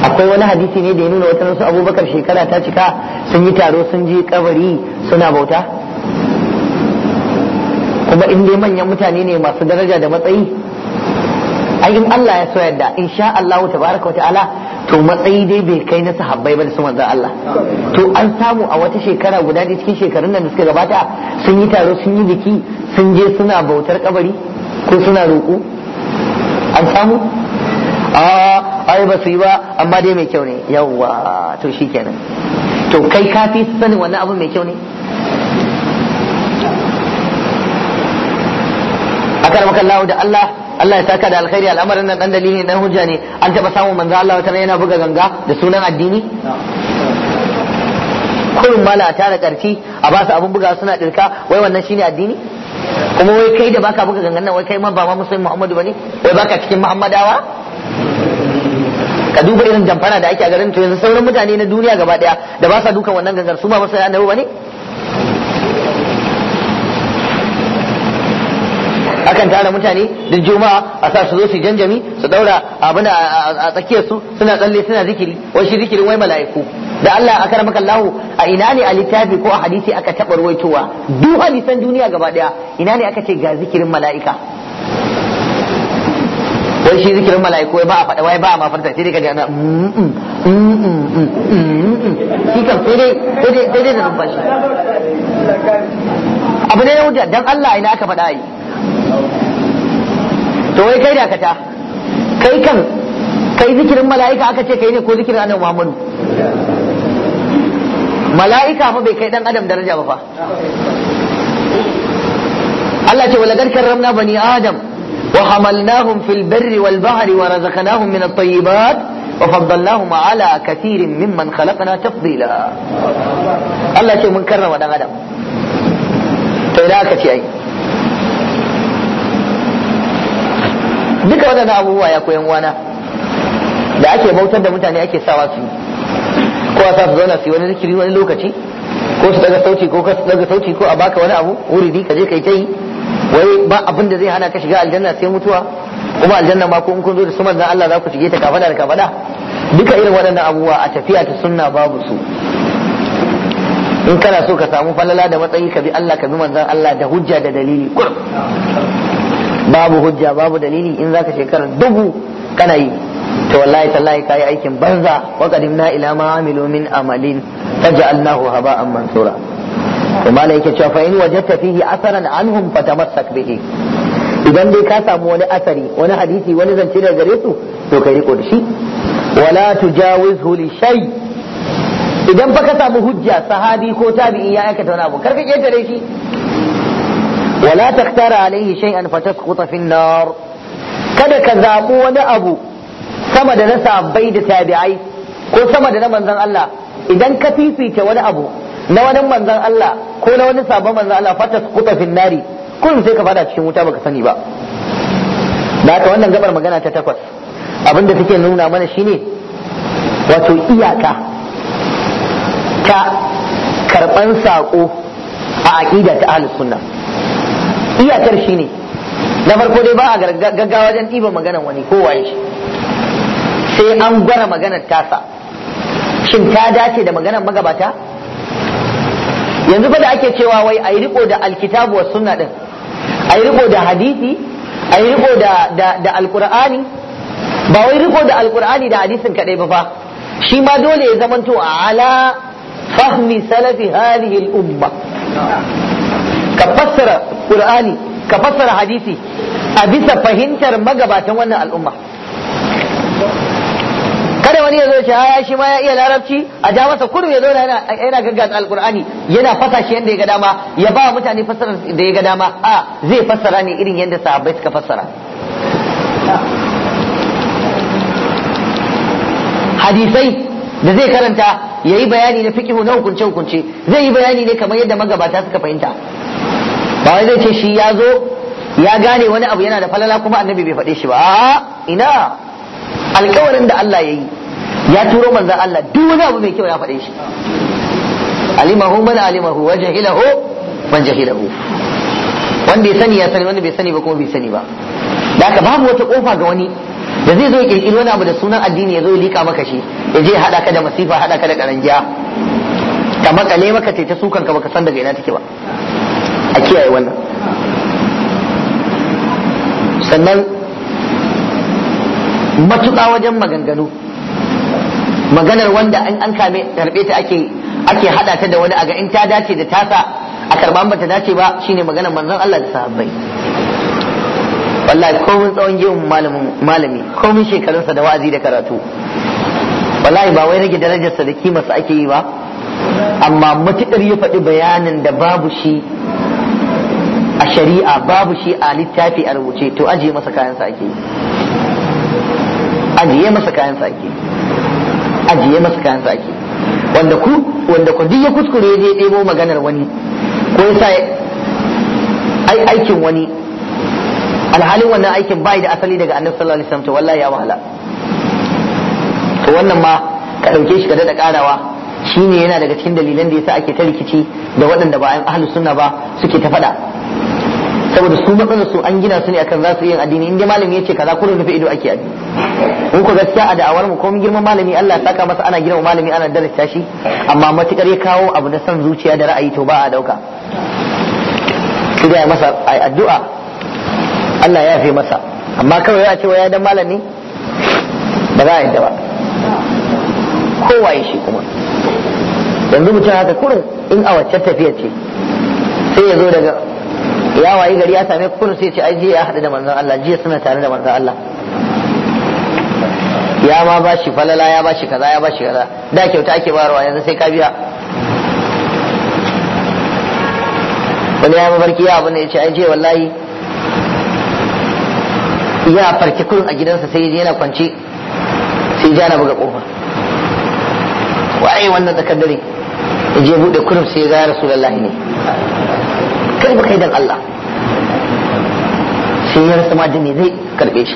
akwai wani hadisi ne da ya nuna wata su Abubakar shekara ta cika sun yi taro sun je kabari suna bauta kuma in dai manyan mutane ne masu daraja da matsayi ai in Allah ya so yadda insha Allah tabaraka wa ta'ala to matsayi dai bai kai na sahabbai ba da su manzan Allah to an samu a wata shekara guda da cikin shekarun nan da suka gabata sun yi taro sun yi biki sun je suna bautar kabari ko suna roƙo an samu a ai ba su yi ba amma dai mai kyau ne yawwa to shi kenan to kai ka sanin wannan abu mai kyau ne a karamar lahu da Allah Allah ya saka da alkhairi al'amarin nan dan dalili dan hujja ne an taba samun manzo Allah wata yana buga ganga da sunan addini kullum mala tara karfi a ba su abun buga suna dirka wai wannan shine addini kuma wai kai da baka buga gangan nan wai kai ma ba ma musulmi Muhammadu bane wai baka cikin Muhammadawa ka duba irin jamfara da ake a garin to yanzu sauran mutane na duniya gaba daya da ba sa duka wannan gangar su ba masu annabi bane akan tara mutane da juma'a a sa su zo su janjami su daura abin a tsakiyar su suna tsalle suna zikiri wai shi zikirin wai mala'iku da Allah a karamaka Allah a ina ne a littafi ko a hadisi aka taɓa ruwaitowa duk hadisan duniya gaba ɗaya ina ne aka ce ga zikirin mala'ika wai shi zikirin mala'iku wai ba a faɗa wai ba a mafarta sai dai ka ana shi kan sai dai sai dai da numfashi abu ne na wuce dan Allah ina aka faɗa yi to wai kai dakata kai kan kai zikirin mala'ika aka ce kai ne ko zikirin annabi Muhammadu mala'ika fa bai kai dan adam daraja ba fa Allah ce walagar karramna bani adam wa hamalnahum fil barri wal bahri wa razaqnahum min at-tayyibat wa faddalnahum ala kathirin mimman khalaqna tafdila Allah ce mun karrama dan adam to idan aka ce ai duka abubuwa ya koyan wana da ake bautar da mutane ake sawa su yi kowa sa su zauna su wani zikiri wani lokaci ko su daga sauti ko su daga sauti ko a baka wani abu wuri ka je kai ta yi wai ba abin da zai hana ka shiga aljanna sai mutuwa kuma aljanna ma ko in kun zo da su manzon Allah za ku shige ta kafada da kafada duka irin waɗannan abubuwa a tafiya ta sunna babu su in kana so ka samu falala da matsayi ka bi Allah ka bi manzon Allah da hujja da dalili babu hujja babu dalili in za ka shekarar dubu kana yi to wallahi tallahi kai aikin banza wa qadimna ila ma amilu min amalin faj'alnahu haba'an mansura to mala yake cewa fa in wajadta fihi asaran anhum fatamassak bihi idan dai ka samu wani asari wani hadisi wani zance daga gare su to kai riko da shi wala tujawizhu li shay idan fa ka samu hujja sahabi ko tabi'i ya aikata wani abu karka ketare shi wala taktara alaihi shay'an fatasquta fi an-nar kada ka zabu wani abu sama da na sahabbai da tabi'ai ko sama da na manzon Allah idan ka fifita wani abu na wani manzon Allah ko na wani sabon manzon Allah fata su kuta fin nari kun sai ka fada cikin wuta baka sani ba da haka wannan gabar magana ta takwas abinda take nuna mana shine wato iyaka ta karban sako a aqida ta ahlus sunna iyakar shine na farko dai ba a gaggawa wajen ɗiba maganan wani ko waye sai an gwara maganar tasa shin ta dace da maganar magabata yanzu fa da ake cewa wai a yi riko da alkitabu wasu suna din a yi riko da hadisi a yi riko da da, da ba wai riko da alkur'ani da hadisin kadai ba fa shi ma dole ya zamanto ala fahmi salafi hadhihi al-umma ka fassara qur'ani ka fassara hadisi a bisa fahimtar magabatan wannan al'umma kada wani ya zo ce ah, ya shi ma ya iya larabci a ja masa kudu ya zo yana yana gaggata alqur'ani yana fasa shi yanda ya ga dama ya ba mutane fasara da ya ga dama a zai fasara ne irin yanda sahabbai suka fasara. hadisai da zai karanta ya yi bayani na fikihu na hukunce-hukunce zai yi bayani ne kamar yadda magabata suka fahimta ba wai zai ce shi ya zo ya gane wani abu yana da falala kuma annabi bai faɗe shi ba a'a ina alkawarin da Allah ya yi ya turo manzan Allah duk wani abu mai kyau ya faɗe shi alimahu man alimahu wa jahilahu man jahilahu wanda ya sani ya sani wanda bai sani ba kuma bai sani ba da haka babu wata kofa ga wani da zai zo ya kirkiri wani abu da sunan addini ya zo ya lika maka shi ya je hada ka da masifa hada ka da karangiya ka makale maka ce ta sukan ka baka san daga ina take ba a kiyaye wannan sannan matuƙa wajen maganganu maganar wanda an kame karbe ta ake ake hada ta da wani aga in ta dace da tasa a karban ta dace ba shine maganar manzon Allah da sahabbai wallahi komai tsawon gemun malami shekarun sa da wa'azi da karatu wallahi ba wai rage sa da sa ake yi ba amma matukar ya faɗi bayanin da babu shi a shari'a babu shi a littafi a rubuce to ajiye masa kayan ake ajiye masa kayansa ake yi ajiye masa kayan sa ake wanda ku wanda ku duk ya kuskure ya debo ɗebo maganar wani ko ya sa ai aikin wani alhalin wannan aikin bai da asali daga annabi sallallahu alaihi wasallam to wallahi ya wahala to wannan ma ka dauke shi ka dada karawa shine yana daga cikin dalilan da yasa ake ta rikici da waɗanda ba ahlus sunna ba suke ta faɗa saboda su matsalar su an gina su ne akan za su yin addini inda dai ya ce kaza kullum rufe ido ake addini mun ko gaskiya a da'awar mu mun girman malami Allah ya saka masa ana girma malami ana darasta shi amma matukar ya kawo abu na san zuciya da ra'ayi to ba a dauka sai da masa addu'a Allah ya yafe masa amma kawai ya ce wa ya dan malami ba za a yi ba waye shi kuma yanzu mutum haka kurin in a wacce tafiya ce sai ya zo daga ya wayi gari ya same ku sai ce ai ya haɗu da manzon Allah jiya suna tare da manzon Allah ya ma ba shi falala ya ba shi kaza ya ba shi kaza da kyauta ake bayarwa yanzu sai ka biya wani ya barki ya abu ne ya ce ai jiya wallahi ya farki kun a gidansa sai yana kwance sai ja na buga kofa waye wannan tsakar dare ya je bude kurum sai ya ga rasulullahi ne me baka yi dan Allah sai ya rasa ma me zai karbe shi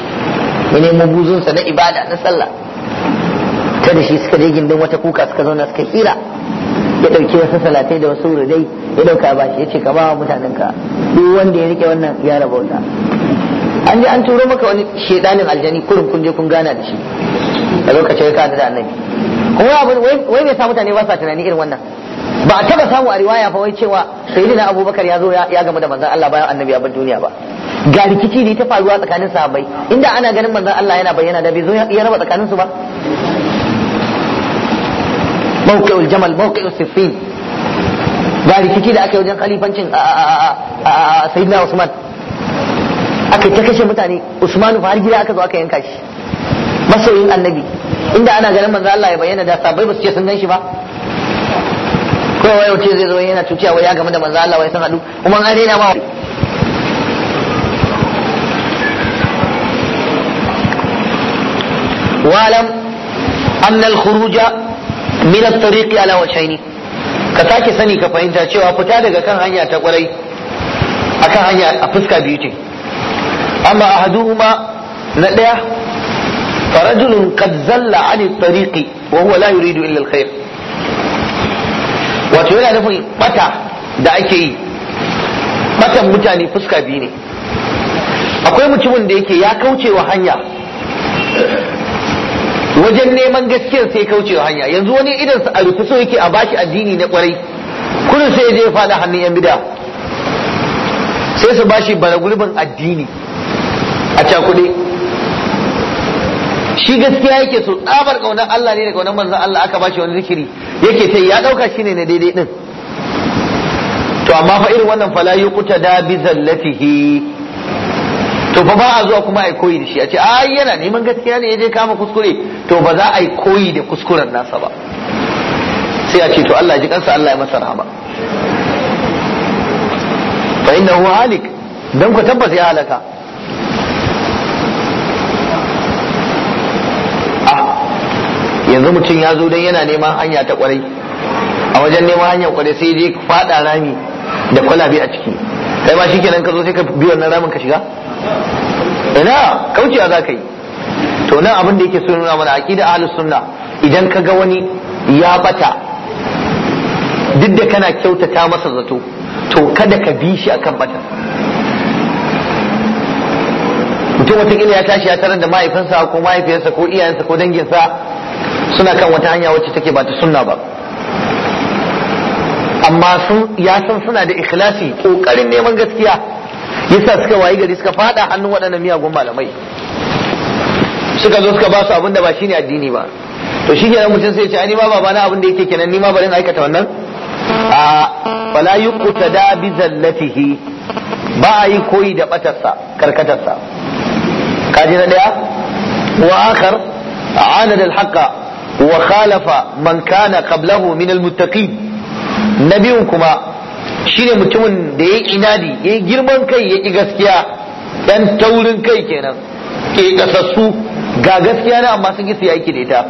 ya nemo buzunsa na ibada na sallah ta da shi suka je gindin wata kuka suka zauna suka hira ya dauke wasu salatai da wasu rudai ya dauka ba shi ya ce ka ba mutanen ka duk wanda ya rike wannan ya raba wuta an je an turo maka wani shedanin aljani kurin kun je kun gana da shi a lokacin ya kada da annabi kuma abin wai bai sa mutane ba sa tunani irin wannan ba a taba samu a riwaya fa wai cewa sayyidina abubakar ya zo ya gamu da manzon Allah bayan annabi ya bar duniya ba ga rikici ne ta faruwa tsakanin sahabbai inda ana ganin manzon Allah yana bayyana da bai zo ya raba tsakanin su ba mawqi'ul jamal mawqi'us siffin ga rikici da aka yi wajen khalifancin sayyidina Usman aka ta kashe mutane Usman fa har gida aka zo aka yanka shi masoyin annabi inda ana ganin manzon Allah ya bayyana da sahabbai ba su ce sun gan shi ba kowa yau ce zai zo yana tuciya wai ya game da manzo Allah wai sun hadu kuma an daina ma واعلم أن الخروج من الطريق على وجهين ka sake sani ka fahimta cewa fita daga kan hanya ta kwarai akan hanya a fuska biyu ce amma ahaduhuma na daya farajulun qad zalla ani tariqi wa huwa la yuridu illa wato yana nufin bata da ake yi batan mutane fuska biyu ne akwai mutumin da yake ya kauce wa hanya wajen neman gaskiyar sai kauce wa hanya yanzu wani idan a rufe so yake a bashi addini na kwarai kullum sai je ya fada hannun yan bida sai su bashi bara gurbin addini a cakuɗe shi gaskiya yake so tsabar kaunar Allah ne da kaunar manzon Allah aka bashi wani zikiri yake ta yi ya dauka shine na daidai din to amma fa irin wannan fala yuqta da bi zallatihi to fa ba a zuwa kuma ai koyi da shi a ce ai yana neman gaskiya ne yaje kama kuskure to ba za a yi koyi da kuskuren nasa ba sai a ce to Allah ji kansa Allah ya masa rahama fa innahu halik dan ku tabbas ya halaka yanzu mutum ya zo don yana neman hanya ta kwarai a wajen neman hanya kwarai sai je fada rami da kwalabe a ciki kai ma shikenan ka zo sai ka bi wannan ramin ka shiga ina kaucewa za ka yi to nan abin da yake so nuna mana aqida ahlus sunna idan ka ga wani ya bata duk da kana kyautata masa zato to kada ka bi shi akan bata mutum wataƙila ya tashi ya tarar da mahaifinsa ko mahaifiyarsa ko iyayensa ko danginsa suna kan wata hanya wacce take ba ta sunna ba amma sun ya san suna da ikhlasi kokarin neman gaskiya yasa suka wayi gari suka fada hannun waɗannan miyagun malamai suka zo suka ba su abin da ba shine addini ba to shi kenan mutum sai ya ce ai ma babana na abin da yake kenan ni ma bari in aikata wannan a fala da bi zallatihi ba a yi koyi da batarsa karkatarsa kaji na daya wa akhar anada al wa khalafa man kana qablahu min almuttaqin nabiyun kuma shine mutumin da yayi inadi yayi girman kai yayi gaskiya dan taurin kai kenan ke kasassu ga gaskiya na amma sun yi yaki da ita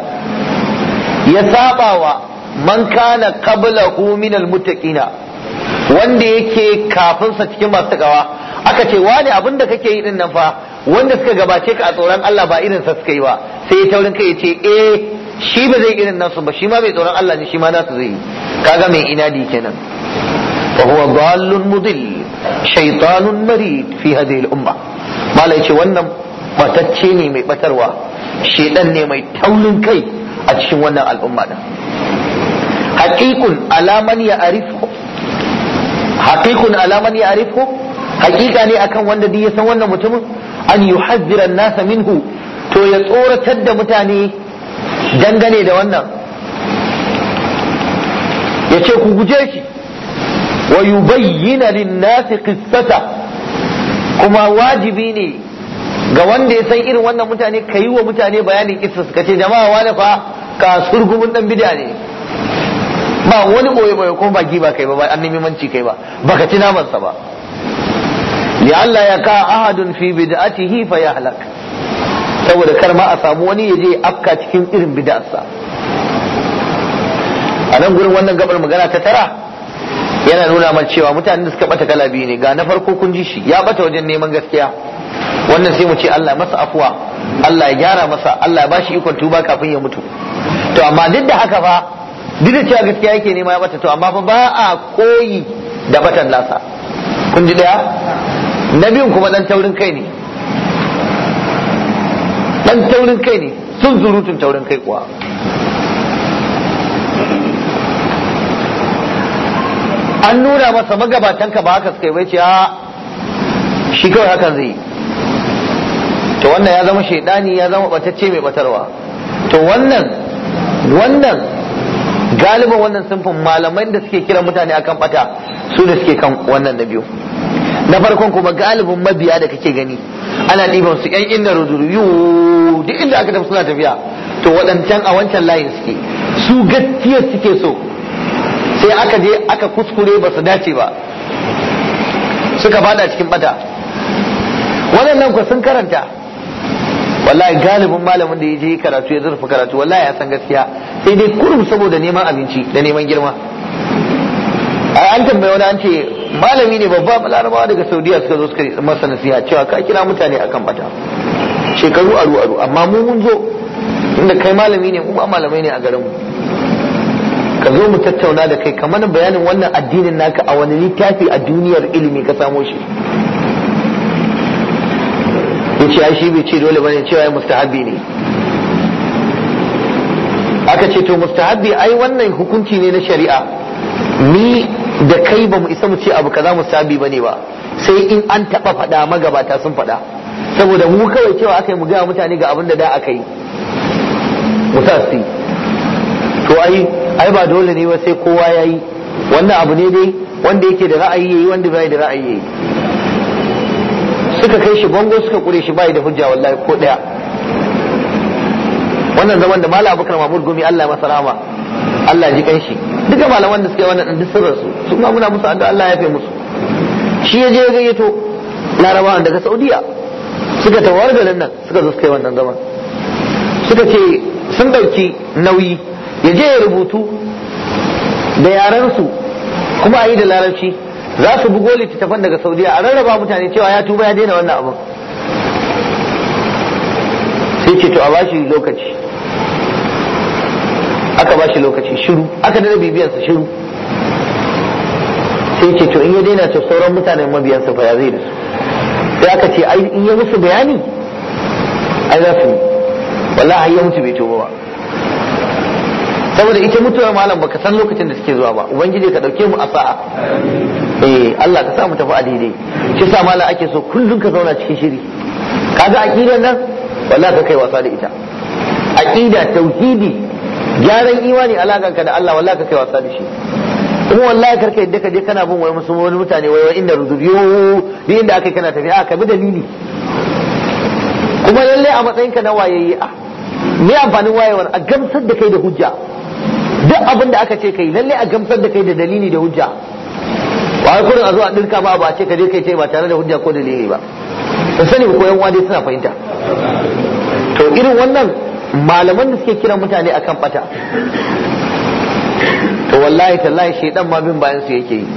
ya sabawa man kana qablahu min almuttaqina wanda yake kafin sa cikin masu takawa aka ce wani abin da kake yi din nan fa wanda suka gabace ka a tsoron Allah ba irin sa suka yi ba sai taurin kai yace ce eh shi ba zai irin nasu ba shi ma bai tsoron Allah ne shi ma nasu zai kaga mai inadi kenan fa huwa dallun mudil shaytanun marid fi hadhihi al-umma mala yace wannan batacce ne mai batarwa shedan ne mai taurin kai a cikin wannan al'umma din haqiqun alaman ya arifu haqiqun alaman ya arifu haqiqa ne akan wanda duk ya san wannan mutumin an yuhazzira an-nasa minhu to ya tsoratar da mutane dangane da wannan ya ce ku guje shi wa yubayyina linnasi kistata kuma wajibi ne ga wanda ya san irin wannan mutane ka yi wa mutane bayanin kissas ka ce jama'a wani fa ka surgumin dan bid'a ne ba wani boye boye ko ba kai ba ba an manci kai ba baka ci namansa ba ya Allah ya ka ahadun fi bid'atihi fa halaka saboda kar ma a samu wani ya je afka cikin irin bid'arsa a nan gurin wannan gabar magana ta tara yana nuna mana cewa mutanen da suka bata kala biyu ne ga na farko kun ji shi ya bata wajen neman gaskiya wannan sai mu ce Allah masa afuwa Allah ya gyara masa Allah ya bashi ikon tuba kafin ya mutu to amma duk da haka fa duk da cewa gaskiya yake nema ya bata to amma fa ba a koyi da batan nasa kun ji daya na biyun kuma dan taurin kai ne dan taurin kai ne sun zurutun taurin kai kuwa an nuna masa ka ba haka suka yi bai ce a ah, shi kawai hakan zai to wannan ya zama shaidani ya zama batacce mai batarwa to wannan wannan galibin wannan sunfin malamai da suke kiran mutane akan bata su da suke kan wannan na biyu na farkon kuma galibin mabiya da kake gani ana ɗiban su yan inda ruduruyu duk inda aka tafi suna tafiya to waɗancan a wancan layin suke su gaskiyar suke so sai aka je aka kuskure ba su dace ba suka fada cikin bata waɗannan ku sun karanta wallahi galibin malamin da ya je karatu ya zurfa karatu wallahi ya san gaskiya sai dai kurum saboda neman abinci da neman girma ai an tambaye wani an ce malami ne babba larabawa daga saudiya suka zo suka masa nasiha cewa ka kira mutane akan bata shekaru aru aru amma mu mun zo inda kai malami ne kuma malamai ne a garin mu ka zo mu tattauna da kai kamar bayanin wannan addinin naka a wani littafi a duniyar ilimi ka samo shi yace ai shi bai ce dole bane cewa ai mustahabi ne aka ce to mustahabi ai wannan hukunci ne na shari'a ni da kai ba mu isa mu ce abu kaza mu sabi ba ne ba sai in an taba faɗa magabata sun faɗa saboda mu kawai cewa aka yi mu ga mutane ga abin da da aka yi musassi to ai ai ba dole ne ba sai kowa yayi wannan abu ne dai wanda yake da ra'ayi yayi wanda bai da ra'ayi yayi suka kai shi bango suka kure shi bai da hujja wallahi ko daya wannan zaman da malam abubakar mahmud gumi Allah ya masa Allah ji kanshi duka malaman da suke wannan dan duk su su ma muna musu addu'a Allah ya yafe musu shi ya je ya gayyato larabawan daga Saudiya suka tawar garin nan suka zo suka yi wannan zaman suka ce sun ɗauki nauyi ya je ya rubutu da yaran su kuma a yi da larabci za su bugo littattafan daga Saudiya a rarraba mutane cewa ya tuba ya daina wannan abin sai ce to a bashi lokaci aka ba shi lokaci shiru aka dana bibiyansa shiru sai ce to in ya daina to sauran mutanen mabiyansa fa ya zai da su sai aka ce ai in ya musu bayani ai za su wallahi ya mutu bai tuba ba saboda ita mutuwar malam baka san lokacin da suke zuwa ba ubangiji ka dauke mu a sa'a eh Allah ka sa mu tafi a daidai shi sa malam ake so kullun ka zauna cikin shiri kaga aqidar nan wallahi ka kai wasa da ita aqida tauhidi gyaran imani alakanka da Allah wallahi ka kai wasa da shi kuma wallahi karka yadda ka je kana bin wai musu wani mutane wai inda ruzubiyu ni inda akai kana tafiya a ka bi dalili kuma lalle a matsayin ka na wayayye a ah, me amfanin wayewar a gamsar da kai da hujja duk abin da aka ce kai lalle a gamsar da kai da dalili da hujja ba a kurin a zo a ba ba ce ka je kai ce ba tare da hujja ko dalili ba sani ko yan uwa suna fahimta to irin wannan malaman da suke kiran mutane akan bata to wallahi tallahi shaidan ma bin bayan su yake yi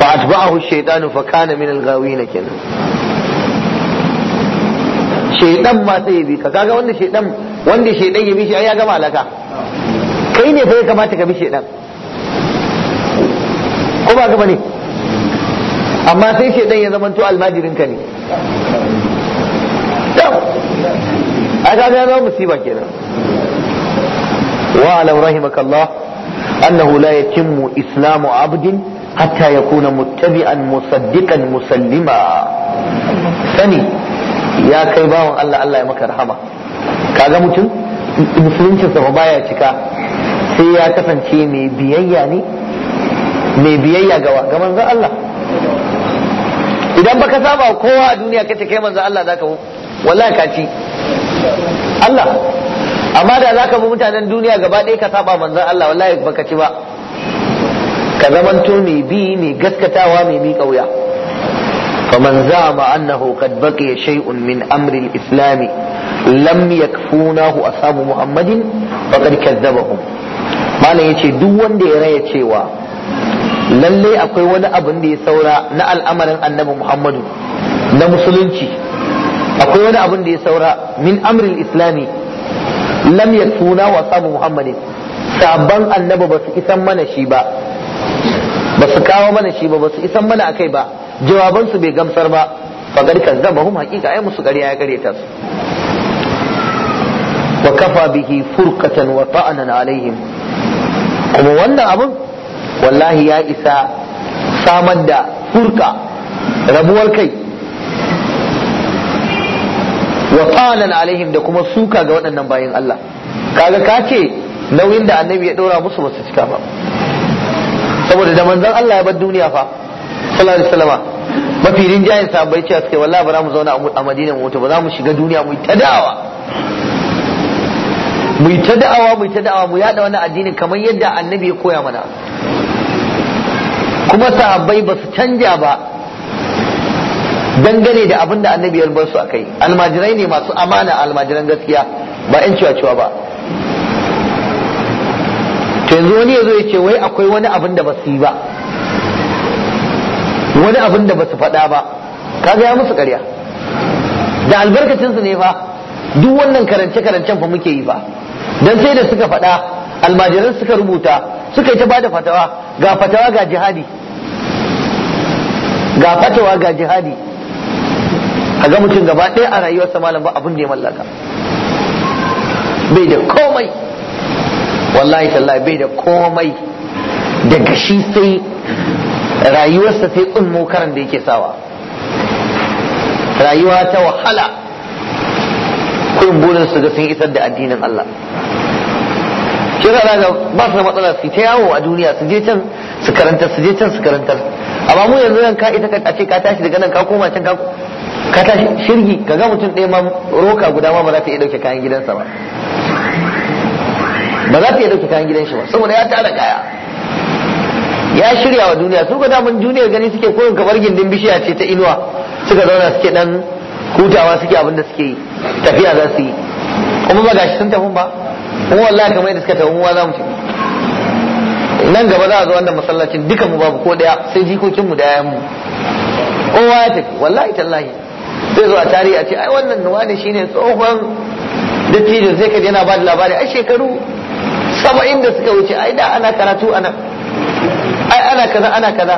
fa atba'ahu shaytanu fa kana min al-ghawin kenan shaidan ma sai bi ka kaga wanda shaidan wanda shaidan ya bi shi ai ya ga malaka, kai ne fa ya kamata ka bi shaidan ko ba gaba ne amma sai shaidan ya zamanto almajirin ka ne dam ai kaga ya zama musiba kenan wa alam rahimakallah annahu la yatimmu islamu abdin hatta yakuna muttabi'an musaddiqan musallima sani ya kai bawan Allah Allah ya maka rahama kaga mutum musulunci sa baya cika sai ya kasance mai biyayya ne mai biyayya gawa ga Allah idan baka saba kowa a duniya kace kai manzon Allah zaka wallahi ka ci Allah amma da zaka bi mutanen duniya gaba ɗaya ka saba manzon Allah wallahi baka ci ba ka zamanto mai bi mai gaskatawa mai miƙa wuya فمن زعم أنه قد بقي شيء من أمر الإسلام لم يكفوناه أصحاب محمد فقد كذبهم ما لا يتي دوان دي رأي تيوا للي أقوى ونأبن دي ثورة نأل أمر النبي محمد نمسلنشي akwai wani abin da ya saura min amril islami lam suna wa sabu muhammadin Sabon annabi ba su isan mana shi ba ba su kawo mana shi ba ba su isan mana akai ba jawabansu bai gamsar ba fagar kazzabahum hakika ai musu ƙarya ya kareta su wa kafa bihi furkatan wa ta'anan alaihim kuma wannan abin wallahi ya isa samar da furka rabuwar kai wa talan alaihim da kuma suka ga waɗannan bayin Allah kaga ka ce nauyin da annabi ya ɗora musu ba su cika ba saboda da manzon Allah ya bar duniya fa sallallahu alaihi wasallama mafi rinjayen sahabbai cewa suka wallahi ba za mu zauna a Madina mu mutu ba za mu shiga duniya mu yi ta da'awa mu da'awa mu mu yada wani addini kamar yadda annabi ya koya mana kuma sahabbai ba su canja ba dangane da abin da annabi ya bar su akai almajirai ne masu amana almajiran gaskiya ba yan cewa cewa ba to yanzu wani yazo ya ce wai akwai wani abin da ba su yi ba wani abin da ba su faɗa ba kaga ya musu ƙarya da albarkacin su ne fa duk wannan karance karancen fa muke yi ba. dan sai da suka faɗa almajiran suka rubuta suka yi ta bada fatawa ga fatawa ga jihadi ga fatawa ga jihadi a ga mutum gaba ɗaya a rayuwarsa malam ba abin da ya mallaka bai da komai wallahi tallahi bai da komai daga shi sai rayuwarsa sai tsunmo mokaran da yake sawa rayuwa ta wahala kun burin su ga sun isar da addinin Allah ke za ga ba su da matsala su ta yawo a duniya su je can su karantar su je can su karantar amma mu yanzu nan ka ita ka ce ka tashi daga nan ka koma can ka ka ta shirgi ka ga mutum ɗaya ma roka guda ma ba za ta iya ɗauke kayan gidansa ba ba za ta iya ɗauke kayan gidansa ba saboda ya tara kaya ya shirya wa duniya su ga mun duniyar gani suke koyon kamar gindin bishiya ce ta inuwa suka zauna suke dan hutawa suke abinda suke tafiya za su yi kuma ba gashi sun tafi ba kuma wallahi kamar yadda suka tafi mu za mu ci nan gaba za a zo wannan masallacin dukan mu babu ko daya sai jikokin mu da yayan mu kowa ya tafi wallahi tallahi zai zo a tarihi a ce ai wannan nuwa ne shine tsohon dattijo sai ka yana ba da labari ai shekaru saba'in da suka wuce ai da ana karatu ana ai ana kaza ana kaza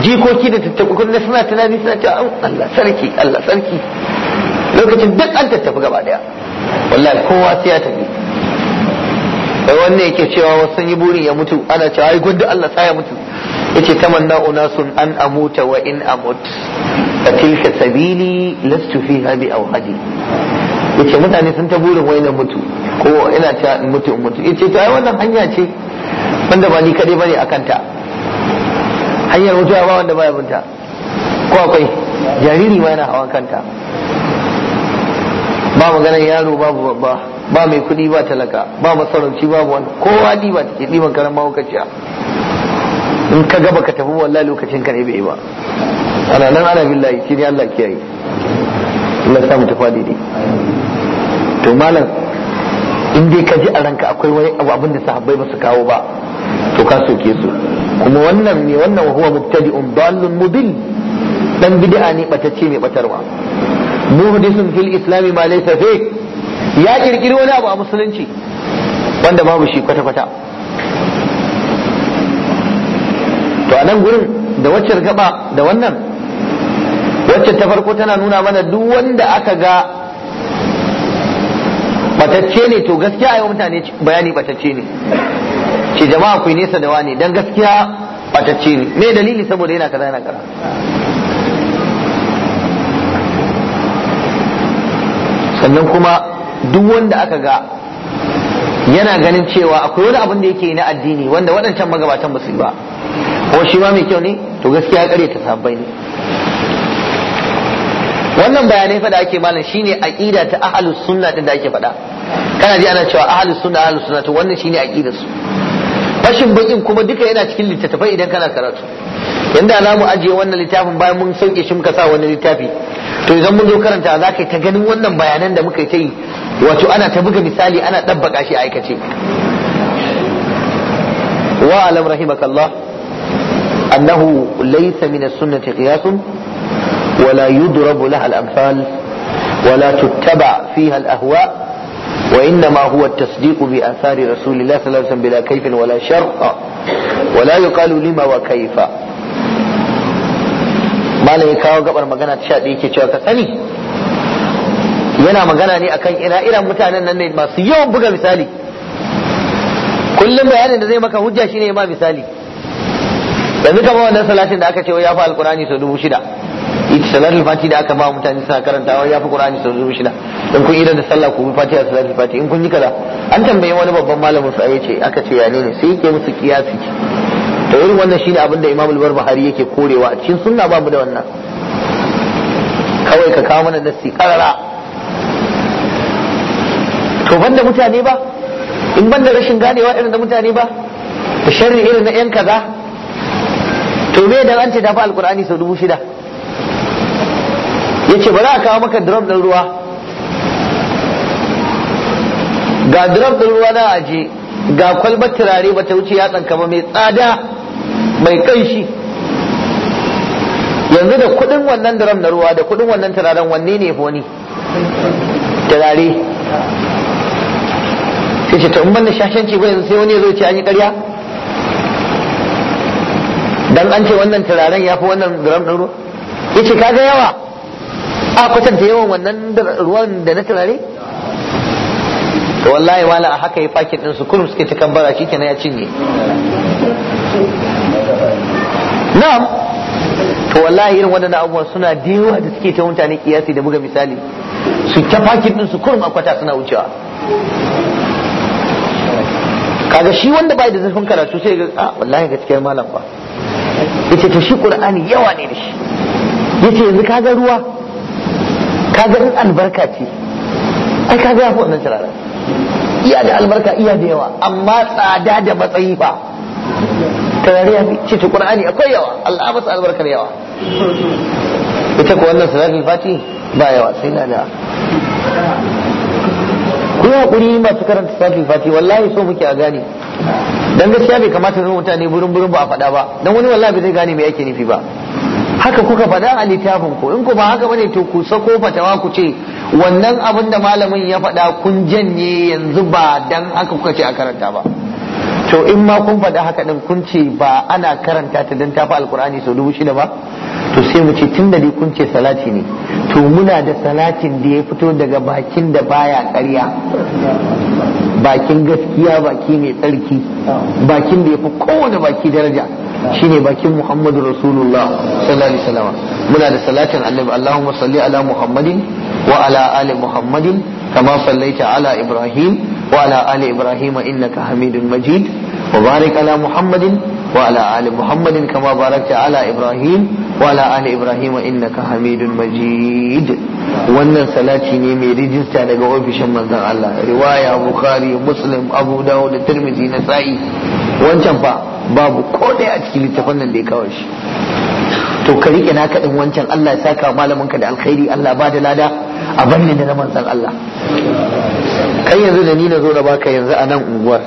jikoki da tattaɓa kunne suna tunani suna cewa Allah sarki Allah sarki lokacin duk an tattafi gaba daya wallahi kowa sai ya tafi sai wanne yake cewa wasu yi burin ya mutu ana cewa ai gudda Allah sa ya mutu yace tamanna sun an amuta wa in amut tilka sabili lastu fiha bi awhadi yace mutane sun ta burin wai na mutu ko ina ta mutu in mutu yace to ai wannan hanya ce wanda ba ni kade bane akan ta hanyar mutuwa ba wanda baya binta ko akwai jariri ma yana hawan kanta ba maganar yaro babu babba ba mai kuɗi ba talaka ba masarauci ba wani kowa ɗiba take ɗiban karan mahaukaciya in ka gaba ka tafi wallahi lokacin ka ne bai ba ana nan ana billahi shi ne Allah kiyaye Allah ya samu tafa daidai to malam in dai ka ji a ranka akwai wani abu abin da sahabbai ba su kawo ba to ka soke su kuma wannan ne wannan huwa mubtadi'un dallun mudil dan bid'a ne batacce mai batarwa muhdisun fil islami ma laysa fihi ya kirkiri wani abu a musulunci wanda babu shi kwata-kwata to a nan gurin da waccar gaba da wannan waccan ta farko tana nuna mana duk wanda aka ga batacce ne to gaskiya a mutane bayani batacce ne ce jama'a ku nesa da wani dan gaskiya batacce ne me dalili saboda yana kaza yana kaza sannan kuma duk wanda aka ga yana ganin cewa akwai wani abin da yake na addini wanda waɗancan magabatan ba su yi ba ko shi ma mai kyau ne to gaskiya kare ta sabbai ne wannan bayanai fada ake malam shine aqida ta ahlus sunna din da ake faɗa kana ji ana cewa ahlus sunna ahlus sunna to wannan shine aqidar su fashin bakin kuma duka yana cikin littattafai idan kana karatu yanda za mu ajiye wannan littafin bayan mun sauke shi muka sa wani littafi to idan mun zo karanta za ka ta ganin wannan bayanan da muka ta yi wato ana ta buga misali ana ɗabbaka shi aikace wa alam rahimakallah annahu laysa min as-sunnati qiyasun yudrabu laha al-amsal tuttaba fiha al-ahwa wa inna ma huwa at-tasdiq bi athari rasulillahi sallallahu alaihi wasallam bila kayfin wala كيف wa la yuqalu lima wa kayfa malam ya kawo gabar magana ta sha ɗaya ke cewa ka sani yana magana ne akan ina irin mutanen nan ne masu yawan buga misali kullum bayanin da zai maka hujja shine ma misali yanzu kama wannan salatin da aka ce ya fi alkurani sau dubu shida ita salatul fati da aka ba mutane suna karantawa ya fi qur'ani sau dubu shida in kun idan da sallah ku a salatul fati in kun yi kaza an tambaye wani babban malamin su ce aka ce ya ne sai yake musu kiyasi Da irin wannan shine abin da Imam al-Barbahari yake korewa a cikin sunna babu da wannan kawai ka kawo mana nassi karara to banda mutane ba in banda rashin ganewa irin da mutane ba da sharri irin na yan kaza to me da an ce tafi alkur'ani sau dubu shida Ya ba bari a kawo maka drop ɗin ruwa ga drop ɗin ruwa na aje ga kwalbar turare bata wuce ya tsanka ba mai tsada mai kaishi, yanzu da kudin wannan daram na ruwa da kudin wannan turaren wanne ne wani turare sai ce ta da banda shashanci yanzu sai wani ya zo ce an yi karya dan an ce wannan turaren ya fi wannan daram na ruwa ya ce kaga yawa a kwatanta yawan wannan ruwan da na turare to wallahi wala a haka ya fakin din su kurum suke ta kambara shi kenan ya cinye na'am to wallahi irin wannan abubuwa suna da da suke ta mutane kiyasi da buga misali su ta fakin din su kurum akwata suna wucewa kaga shi wanda bai da zafin karatu sai ga a ah, wallahi cikin malam ba yace to shi qur'ani yawa ne da shi yace yanzu kaga ruwa kaga in albarka ce ai kaga fi wannan turaren iya da albarka iya da yawa amma tsada da matsayi ba. saurari ya akwai yawa Allah albarkar yawa ita ko wannan salatul fati ba yawa sai na da ku hakuri masu karanta salatul fati wallahi so muke a gane dan gaskiya bai kamata zama mutane burin burin ba a faɗa ba dan wani wallahi bai zai gane me yake nufi ba haka kuka faɗa a littafin ku in ku ba haka bane to ku sako fatawa ku ce wannan abin da malamin ya faɗa kun janye yanzu ba dan haka kuka ce a karanta ba to in ma kun faɗi haka ɗin kun ce ba ana karanta ta don tafi alkur'ani sau dubu shida ba to sai mu ce tun da dai kun ce salati ne to muna da salatin da ya fito daga bakin da baya ƙarya bakin gaskiya baki mai tsarki bakin da ya fi kowane baki daraja shine bakin muhammadu rasulullah sallallahu alaihi wasallam muna da salatin annabi allahumma salli ala muhammadin wa ala ali muhammadin كما صليت على إبراهيم وعلى آل إبراهيم إنك حميد مجيد وبارك على محمد وعلى آل محمد كما باركت على إبراهيم وعلى آل إبراهيم إنك حميد مجيد wannan salati ne mai rijista daga ofishin manzon Allah riwaya bukhari muslim abu dawud da na nasa'i wancan fa babu ko a cikin littafin nan da ya kawo shi to ka rike naka din wancan Allah ya saka malamin ka da alkhairi Allah ba da lada a banne da na manzan Allah kai yanzu da ni na zo da baka yanzu a nan unguwar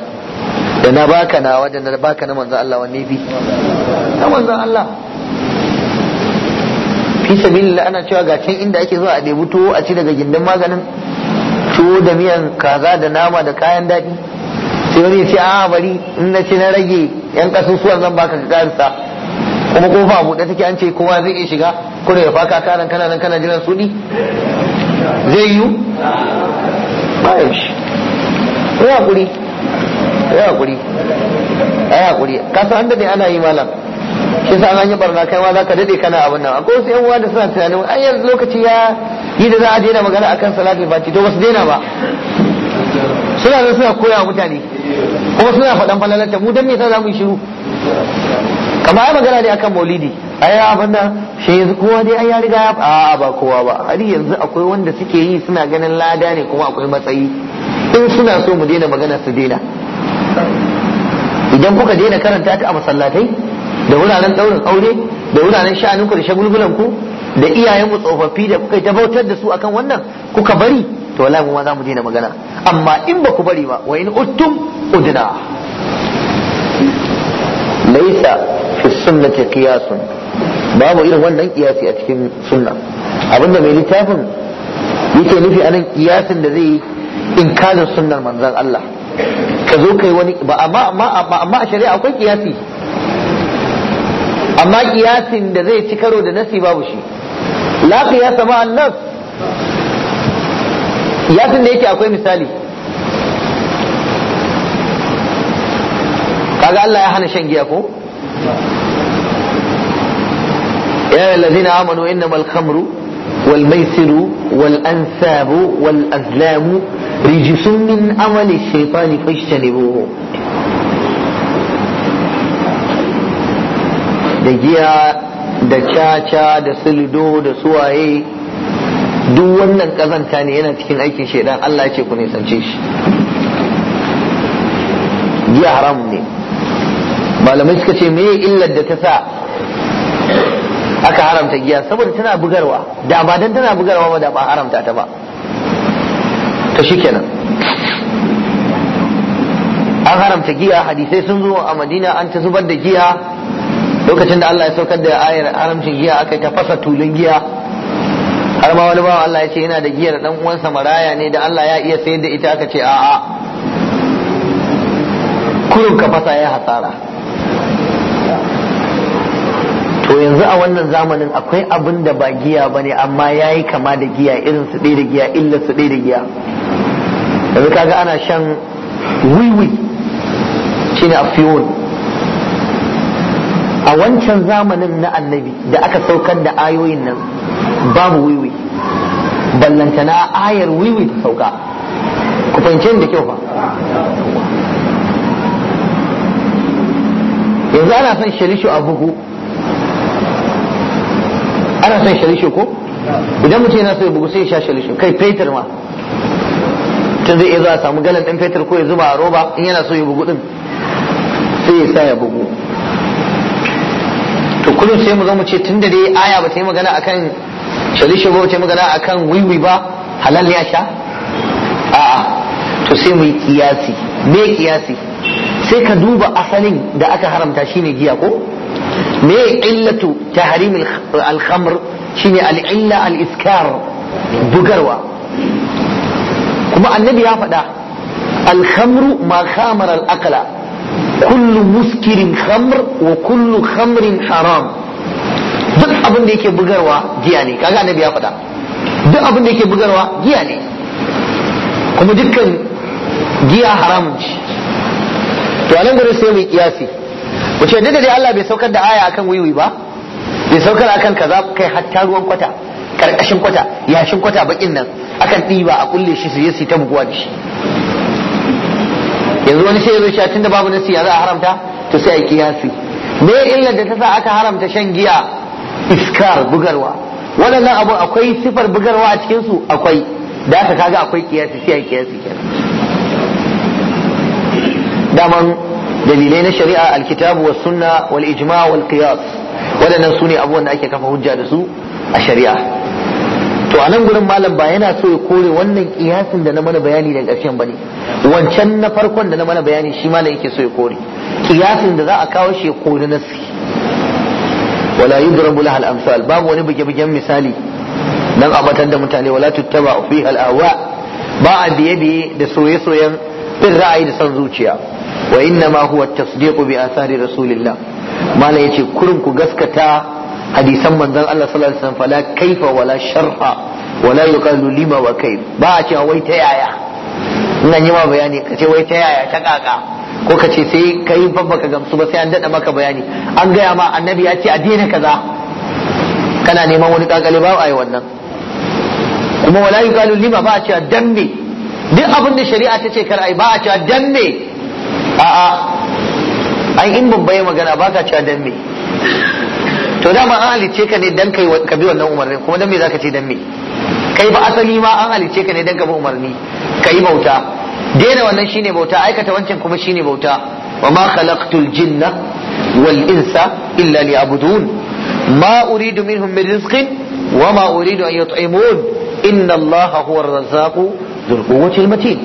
da na baka na wajen da baka na manzan Allah wanne bi na manzan Allah fi sabilillah ana cewa ga can inda ake zuwa a debu tuwo a ci daga gindin maganin tuwo da miyan kaza da nama da kayan daɗi sai wani ya ce a bari in na ci na rage yan kasusuwan zan baka ka karisa kuma kofa a buɗe take an ce kowa zai iya shiga kuna ya faka karan kana nan kana jiran sudi zai yiwu ba ya shi ya hakuri ya hakuri ya hakuri kasa da ne ana yi malam shi sa an yi barna kai ma zaka daɗe kana abin nan akwai wasu yan uwa da suna tunanin ai yanzu lokaci ya yi da za a daina magana akan salatul fati to ba su daina ba suna da suna koya mutane kuma suna faɗan falalata mu dan me yasa za mu yi shiru amma ai magana ne akan maulidi ai abin da shi yanzu kowa dai ai ya riga ya a ba kowa ba har yanzu akwai wanda suke yi suna ganin lada ne kuma akwai matsayi in suna so mu daina magana su daina idan kuka daina karanta ta a masallatai da wuraren daurin aure da wuraren ku da shagulgulan ku da iyayenmu tsofaffi da kuka ta bautar da su akan wannan kuka bari to wallahi mu ma za mu daina magana amma in ba ku bari ba wa in uttum udna laysa fi sunnati qiyasun babu irin wannan kiyasi a cikin sunna abinda mai littafin yake nufi anan kiyasin da zai inkarin sunnar manzon Allah ka zo kai wani ba amma amma amma a shari'a akwai kiyasi amma kiyasin da zai ci karo da nasi babu shi la qiyasa ma an-nas kiyasin da yake akwai misali kaga Allah ya hana shan giya ko ya allazina amanu innamal khamru wal maisiru wal ansabu wal azlamu rijisun min amali shaytani fashtanibuhu da giya da caca da suldo da suwaye duk wannan kazanta ne yana cikin aikin shaidan Allah ce ku nisance shi giya haramun ne malamai suka ce me illar da ta sa aka haramta giya saboda tana bugarwa da ba dan tana bugarwa ba da ba haramta ta ba shi shikenan an haramta giya hadisai sun zo a madina an ta zubar da giya lokacin da Allah ya saukar da ayar haramcin giya aka ta fasa tulun giya har ma wani bawa Allah ya ce yana da giyar dan uwansa maraya ne da Allah ya iya sayar da ita aka ce a'a kurun ka fasa ya hasara to yanzu a wannan zamanin akwai abin da ba giya ba ne amma ya yi kama da giya irin su ɗaya da giya illa su ɗaya da giya yanzu kaga ana shan wiwi shi ne a wancan zamanin na annabi da aka saukar da ayoyin nan babu wiwi ballantana ayar wiwi ta sauka ku fahimce da kyau ba. yanzu ana son shalishu a bugu ana son shalisho ko idan mutum yana so ya bugu sai ya sha shalisho kai fetur ma tun eh zai iya a samu galan ɗin fetur ko ya zuba a roba in yana so ya bugu din sai ya sa ya bugu to kullum sai mu zo mu ce tun da dai aya ba ta yi magana a kan shalisho ba ta yi magana a kan wiwi ba halal ya sha a'a to sai mu yi kiyasi me kiyasi sai ka duba asalin da aka haramta shine giya ko me illatu tahrim al-khamr shine al-illa al-iskar bugarwa kuma annabi ya faɗa al-khamru ma khamara al-aqla kullu muskirin khamr wa kullu khamrin haram duk abin da yake bugarwa giya ne kaga annabi ya faɗa duk abin da yake bugarwa giya ne kuma dukkan giya haramun to a nan sai mu kiyasi wace da da dai Allah bai saukar da aya akan wiwi ba bai saukar akan kaza kai hatta ruwan kwata karkashin kwata yashin kwata bakin nan akan ɗiba a kulle shi su yi ta buguwa da shi yanzu wani sai ya zo shi da babu nasi ya za a haramta to sai a kiyasi me illa da ta sa aka haramta shan giya iskar bugarwa waɗannan abu akwai sifar bugarwa a cikin su akwai da aka kaga akwai kiyasi sai a kiyasi kenan daman dalilai na shari'a alkitabu wa sunna wal ijma wal qiyas waɗannan su ne abubuwan da ake kafa hujja da su a shari'a to a nan gurin malam ba yana so ya kore wannan kiyasin da na mana bayani da ƙarshen bane wancan na farkon da na mana bayani shi malam yake so ya kore kiyasin da za a kawo shi ya kore nasi wala yudrabu lahal amsal babu wani buge-bugen misali dan abatar da mutane wala tuttaba fi al awa ba a biye biye da soye-soyen bin ra'ayi da san zuciya wa inna ma huwa tasdiqu bi athari rasulillah mala yace kurin ku gaskata hadisan manzon Allah sallallahu alaihi wasallam fala kaifa wala sharha wala yuqalu lima wa kaif ba a cewa wai ta yaya ina yi ma bayani kace wai ta yaya ta kaka ko kace sai kai ban baka gamsu ba sai an dada maka bayani an gaya ma annabi ya ce a daina kaza kana neman wani kakale ba a yi wannan kuma wala yuqalu lima ba a cewa dambe duk abin da shari'a ta ce kar ai ba a cewa dan me a'a ai in babba ya magana ba ka cewa dan me to dama an halice ka ne dan kai ka bi wannan umarnin kuma dan me zaka ce dan me kai ba asali ma an halice ka ne dan ka bi umarni kai bauta daina wannan shine bauta aikata wancan kuma shine bauta wa ma khalaqtul jinna wal insa illa liya'budun ma uridu minhum min rizqin wa ma uridu an yut'imun inna allaha huwa ar zul quwwatil matin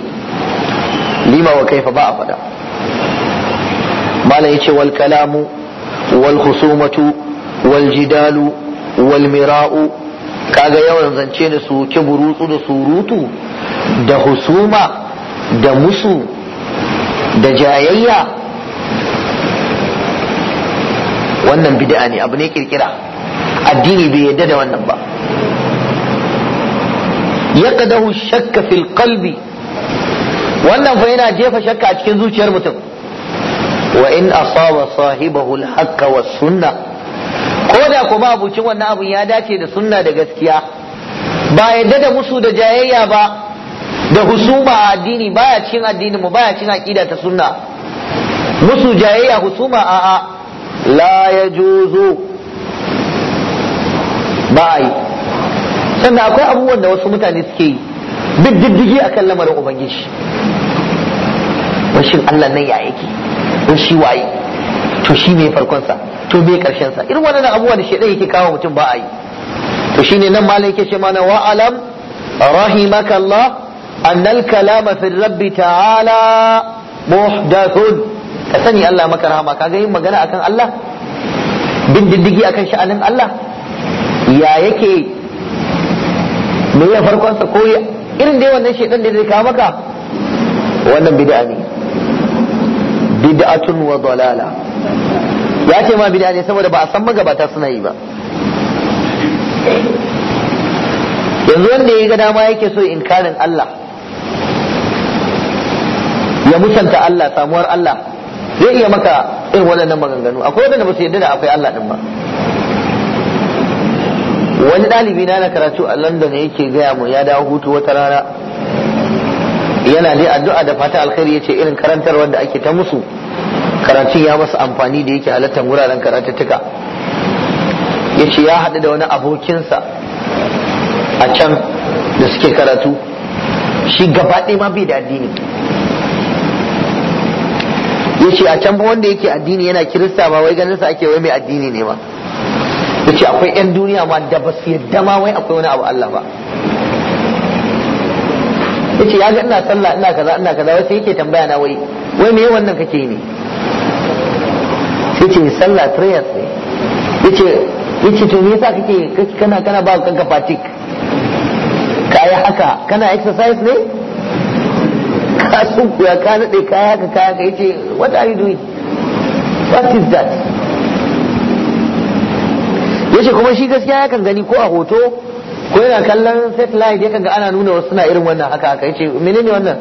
lima wa kaifa ba a faɗa malam yace wal kalamu wal khusumatu wal jidalu wal mira'u kaga yawan zance da su burutsu da surutu da husuma da musu da jayayya wannan bid'a ne abu ne kirkira addini bai yadda da wannan ba hu shakka fil qalbi wannan fa yana jefa shakka a cikin zuciyar mutum wa in asaba sahibahu al-haqq was sunna ko da kuma abucin wannan abun ya dace da sunna da gaskiya ba yadda da musu da jayayya ba da husuma a addini baya cin addinin mu baya cin aqida ta sunna musu jayayya husuma a a la yajuzu ba yi sannan akwai abubuwan da wasu mutane suke yi duk diddigi akan lamarin ubangiji shin Allah nan ya yake in shi waye to shi ne farkon sa to me karshen sa irin wannan abubuwa da shedan yake kawo mutum ba a yi to nan malai yake ce mana wa alam rahimaka Allah annal kalama fi rabbi ta'ala muhdathun ka sani Allah maka rahama kaga yin magana akan Allah bin diddigi akan sha'anin Allah ya yake me ya farkonsa ko irin dai wannan shaitan da zai kawo maka wannan bid'a ne bid'atun wa dalala ya ce ma bid'a ne saboda ba a san magabata suna yi ba yanzu wanda ya ga dama yake so inkarin Allah ya musanta Allah samuwar Allah zai iya maka irin waɗannan maganganu akwai waɗanda ba su yadda da akwai Allah din ba wani ɗalibi na na karatu a london yake gaya mu ya dawo hutu wata rana yana dai addu'a da fata alkhairi ya ce irin karantar wanda ake ta musu karatun ya masa amfani da yake halartar wuraren karatattuka ya ce ya haɗu da wani abokinsa a can da suke karatu shi gabaɗe ma bai da addini ya ce a can ba wanda yake addini yana kirista ba wai ganin sa ake wai mai addini ne ba yace akwai yan duniya ma da ba su yadda ma wai akwai wani abu Allah ba yace ya ga ina sallah ina kaza ina kaza wai sai yake tambaya na wai wai me wannan kake yi ne yace sallah prayer ne yace yace to me yasa kake kana kana ba kanka fatik ka yi haka kana exercise ne ka sunkuya ka nade ka haka ka yace what are you doing what is that yace kuma shi gaskiya yakan gani ko a hoto ko yana kallon satellite yakan ga ana nuna wasu suna irin wannan haka haka yace menene wannan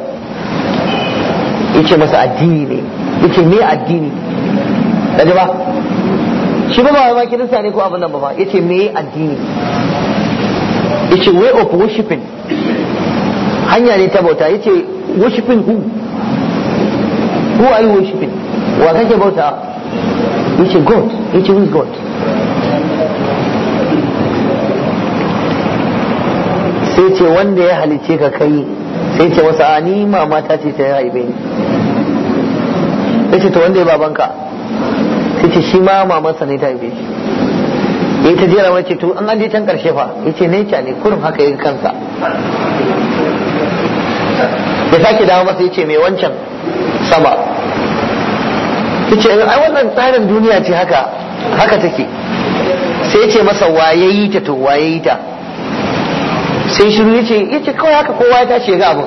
yace masa addini ne yace me addini daga ba shi ba ba ma kirista ne ko abin nan ba ba yace me addini yace way of worshiping hanya ne ta bauta yace worshiping who who are you worshiping wa kake bauta yace god yace who is god sai ce wanda ya halice ka kai sai ce wasu ani mama ta ce ta haife ni ce to wanda ya babanka sai ce shi ma mamansa ne ta haife shi ya ta jera wani ce to an an can karshe fa ce ne ce ne kurin haka yi kansa ya sake dawo masa ce mai wancan sama ce ai wannan tsarin duniya ce haka haka take sai ce masa waye yi ta to waye yi ta sai shiru yace yace kawai haka kowa ya tashi ya ga abu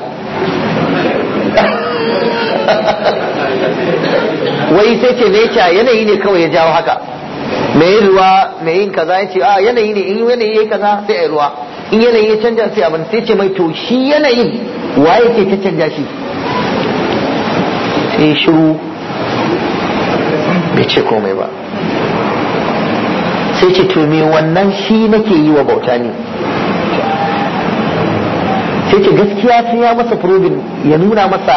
wai sai ce ne kya yanayi ne kawai ya jawo haka mai yin ruwa mai yin kaza ya ce a yanayi ne in yanayi ya yi kaza sai a yi ruwa in yanayi ya canja sai abin sai ce mai to shi yanayin wa yake ta canja shi sai shiru bai ce komai ba sai ce to me wannan shi nake yi wa bauta ne sai ce gaskiya sun ya masa probin ya nuna masa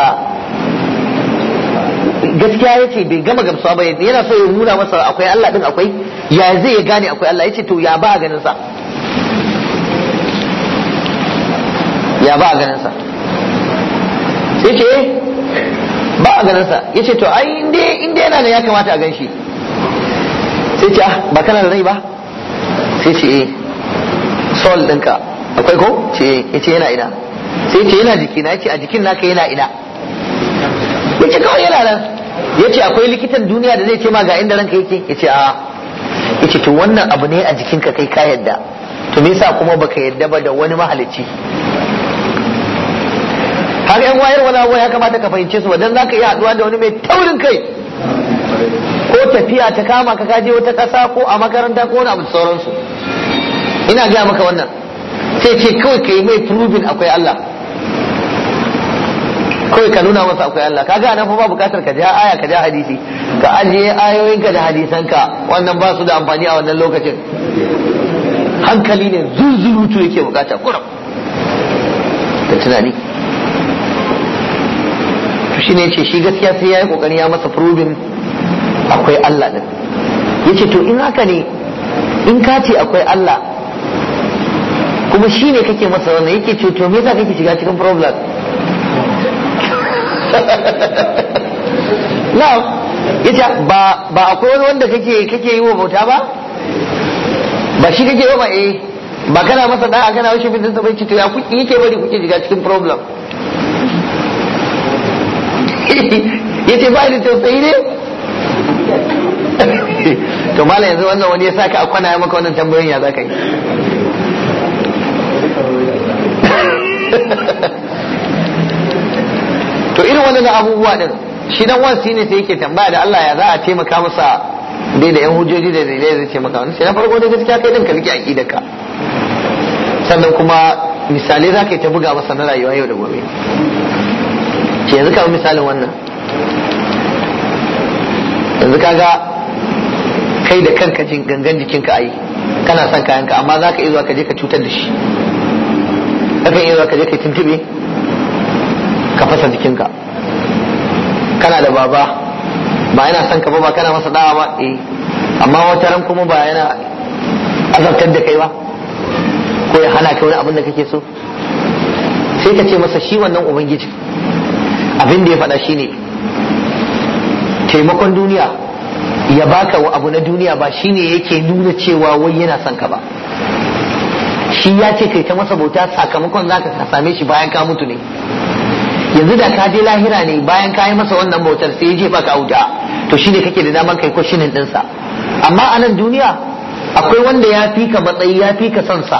gaskiya ya ce bai gama gamsuwa ba yana so ya nuna masa akwai Allah din akwai ya zai ya gane akwai Allah ya ce to ya ba a ganin sa ya ba a ganin sa sai ce eh, ba a ganin sa ya ce to ai inda inda yana da ya kamata a gan shi sai ce ah, ba kana da rai ba sai ce eh sol dinka. akwai ko ce yace yana ina sai ce yana jiki na yace a jikin naka yana ina yace kawai yana nan yace akwai likitan duniya da zai ce ma ga inda ranka yake yace a yace to wannan abu ne a jikin ka kai ka yadda to me yasa kuma baka yadda ba da wani mahalicci har yan wayar wani abuwa ya kamata ka fahimce su wajen za ka iya haduwa da wani mai taurin kai ko tafiya ta kama ka kaje wata ƙasa ko a makaranta ko wani abu sauransu ina gaya maka wannan sai ce kawai ka yi mai proving akwai Allah kawai ka nuna masa akwai Allah kaga nan fa ba bukatar ka ja aya ka ja hadisi ka ajiye ka da ka wannan ba su da amfani a wannan lokacin hankali ne zuzurutu yake bukata kuram da tunani to shine yace shi gaskiya sai yayi kokari ya masa probing akwai Allah din yace to in haka ne in ka ce akwai Allah kuma shi ne kake masa wannan yake ce to me za kake shiga cikin problem na yace ba ba akwai wani wanda kake kake yi wa bauta ba ba shi kake yi ba eh ba kana masa da'a kana wasu bidin sa bace to ya kuke yake bari kuke shiga cikin problem yace ba ni tausayi ne to mala yanzu wannan wani ya saka a kwana ya maka wannan tambayoyin ya zaka yi daga abubuwa din shi dan wansi ne sai yake tambaya da Allah ya za a taimaka masa dai da yan hujjoji da dalilai zai taimaka masa sai na farko dai gaskiya kai din ka rike aqida ka sannan kuma misalai za yi ta buga masa na rayuwa yau da gobe ke yanzu ka misalin wannan yanzu kaga kai da kanka gangan jikinka ayi kana son kayanka amma za ka iya zuwa ka je ka cutar da shi kakan iya zuwa ka je ka tuntube ka fasa jikinka kana da baba ba yana son ka ba ba kana masa dawa ba eh amma wata ran kuma ba yana azabtar da kai ba ko ya hana ka wani abin da kake so sai ka ce masa shi wannan ubangiji abin da ya faɗa shine taimakon duniya ya baka abu na duniya ba shine yake nuna cewa wai yana son ka ba shi ya ce kai ta masa bauta sakamakon zaka same shi bayan ka mutu ne yanzu da ka je lahira ne bayan ka yi masa wannan motar sai ya jefa ka auda to shine kake da daman kai shinin ɗinsa amma a nan duniya akwai wanda ya fi ka matsayi ya fi ka sansa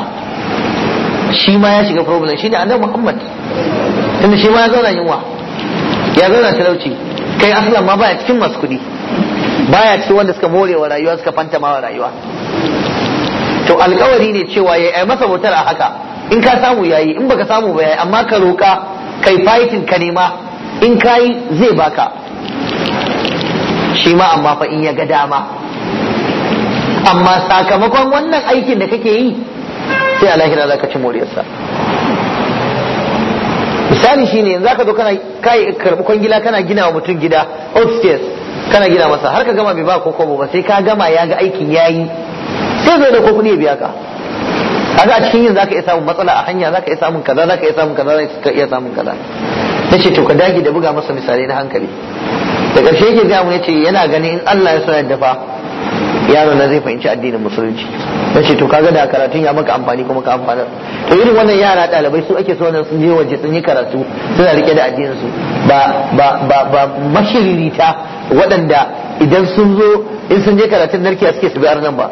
shi ma ya shiga problem shine annabi Muhammad tunda shi ma ya zauna yunwa ya zauna talauci kai aslan ma baya cikin masu kuɗi baya cikin wanda suka more wa rayuwa suka fanta ma rayuwa to alkawari ne cewa ya yi masa motar a haka in ka samu yayi in baka samu ba yayi amma ka roka kai fighting ka nema in kayi zai baka shi ma amma fa in ya ga dama amma sakamakon wannan aikin da kake yi sai alahira za ka ci moriyarsa misali shine yanzu ka zo kana kai karbi kwangila kana gina wa mutum gida upstairs kana gina masa har ka gama bai ba ko ba sai ka gama ya ga aikin yayi sai zai da ko kuɗi ya biya ka kaga a cikin yin zaka iya samun matsala a hanya zaka iya samun kaza zaka iya samun kaza zaka iya samun kaza nace to ka dage da buga masa misali na hankali da ƙarshe yake ga mu yace yana ganin in Allah ya sanar ya dafa yaro na zai fahimci addinin musulunci nace to kaga da karatun ya maka amfani kuma ka amfana to irin wannan yara dalibai su ake so nan sun je waje sun yi karatu suna rike da addinin su ba ba ba ba mashiririta waɗanda idan sun zo in sun je karatun narkiya suke su bi arnan ba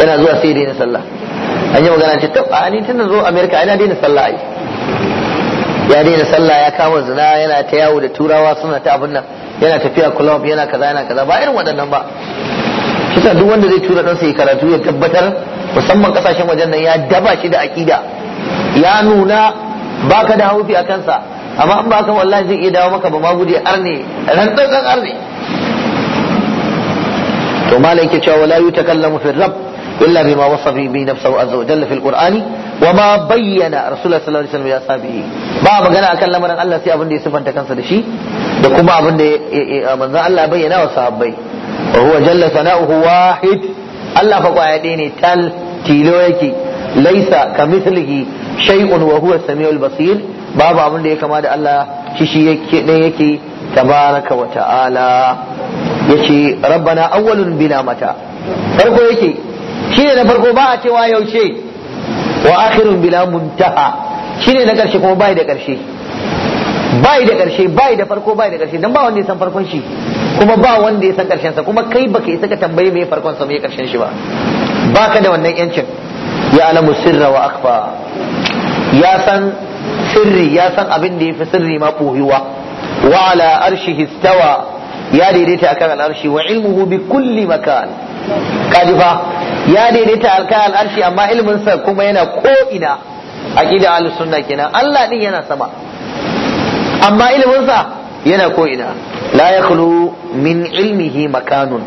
yana zuwa sai daina sallah an yi magana ce tabba ni tun zo america ina daina sallah ai ya daina sallah ya kama zina yana ta yawo da turawa suna ta abin nan yana tafiya club yana kaza yana kaza ba irin waɗannan ba kisa duk wanda zai tura ɗansa ya karatu ya tabbatar musamman kasashen wajen nan ya daba shi da aƙida ya nuna baka da haufi a kansa amma an baka wallahi zai iya dawo maka ba ma gudi arne ran dan arne to malai ke cewa wala yutakallamu fi rabb إلا بما وصف به نفسه عز وجل في القرآن وما بين رسول الله صلى الله عليه وسلم لأصحابه ba magana akan lamarin Allah sai abin da ya sifanta kansa da shi da kuma abin da manzon Allah bayyana wa sahabbai wa huwa wahid Allah fa kwaya ne tal yake laisa kamithlihi shay'un wa huwa basir babu abin da ya kama da Allah shi shi yake yace mata farko yake shine na farko ba a cewa yaushe wa akhirun bila muntaha shine na karshe kuma bai da karshe bai da karshe bai da farko bai da karshe dan ba wanda ya san farkon shi kuma ba wanda ya san karshen sa kuma kai baka isa ka tambaye me farkon sa me karshen shi ba baka da wannan yancin ya alamu sirra wa akhfa ya san sirri ya san abin da yafi sirri ma boyuwa wa ala arshihi istawa ya daidaita akan al'arshi wa ilmuhu bi kulli makan kadifa ya daidaita alkai al'arshi amma ilminsa kuma yana ko'ina a al sunna kenan Allah din yana sama amma ilminsa yana ko'ina la ya min ilmihi makanun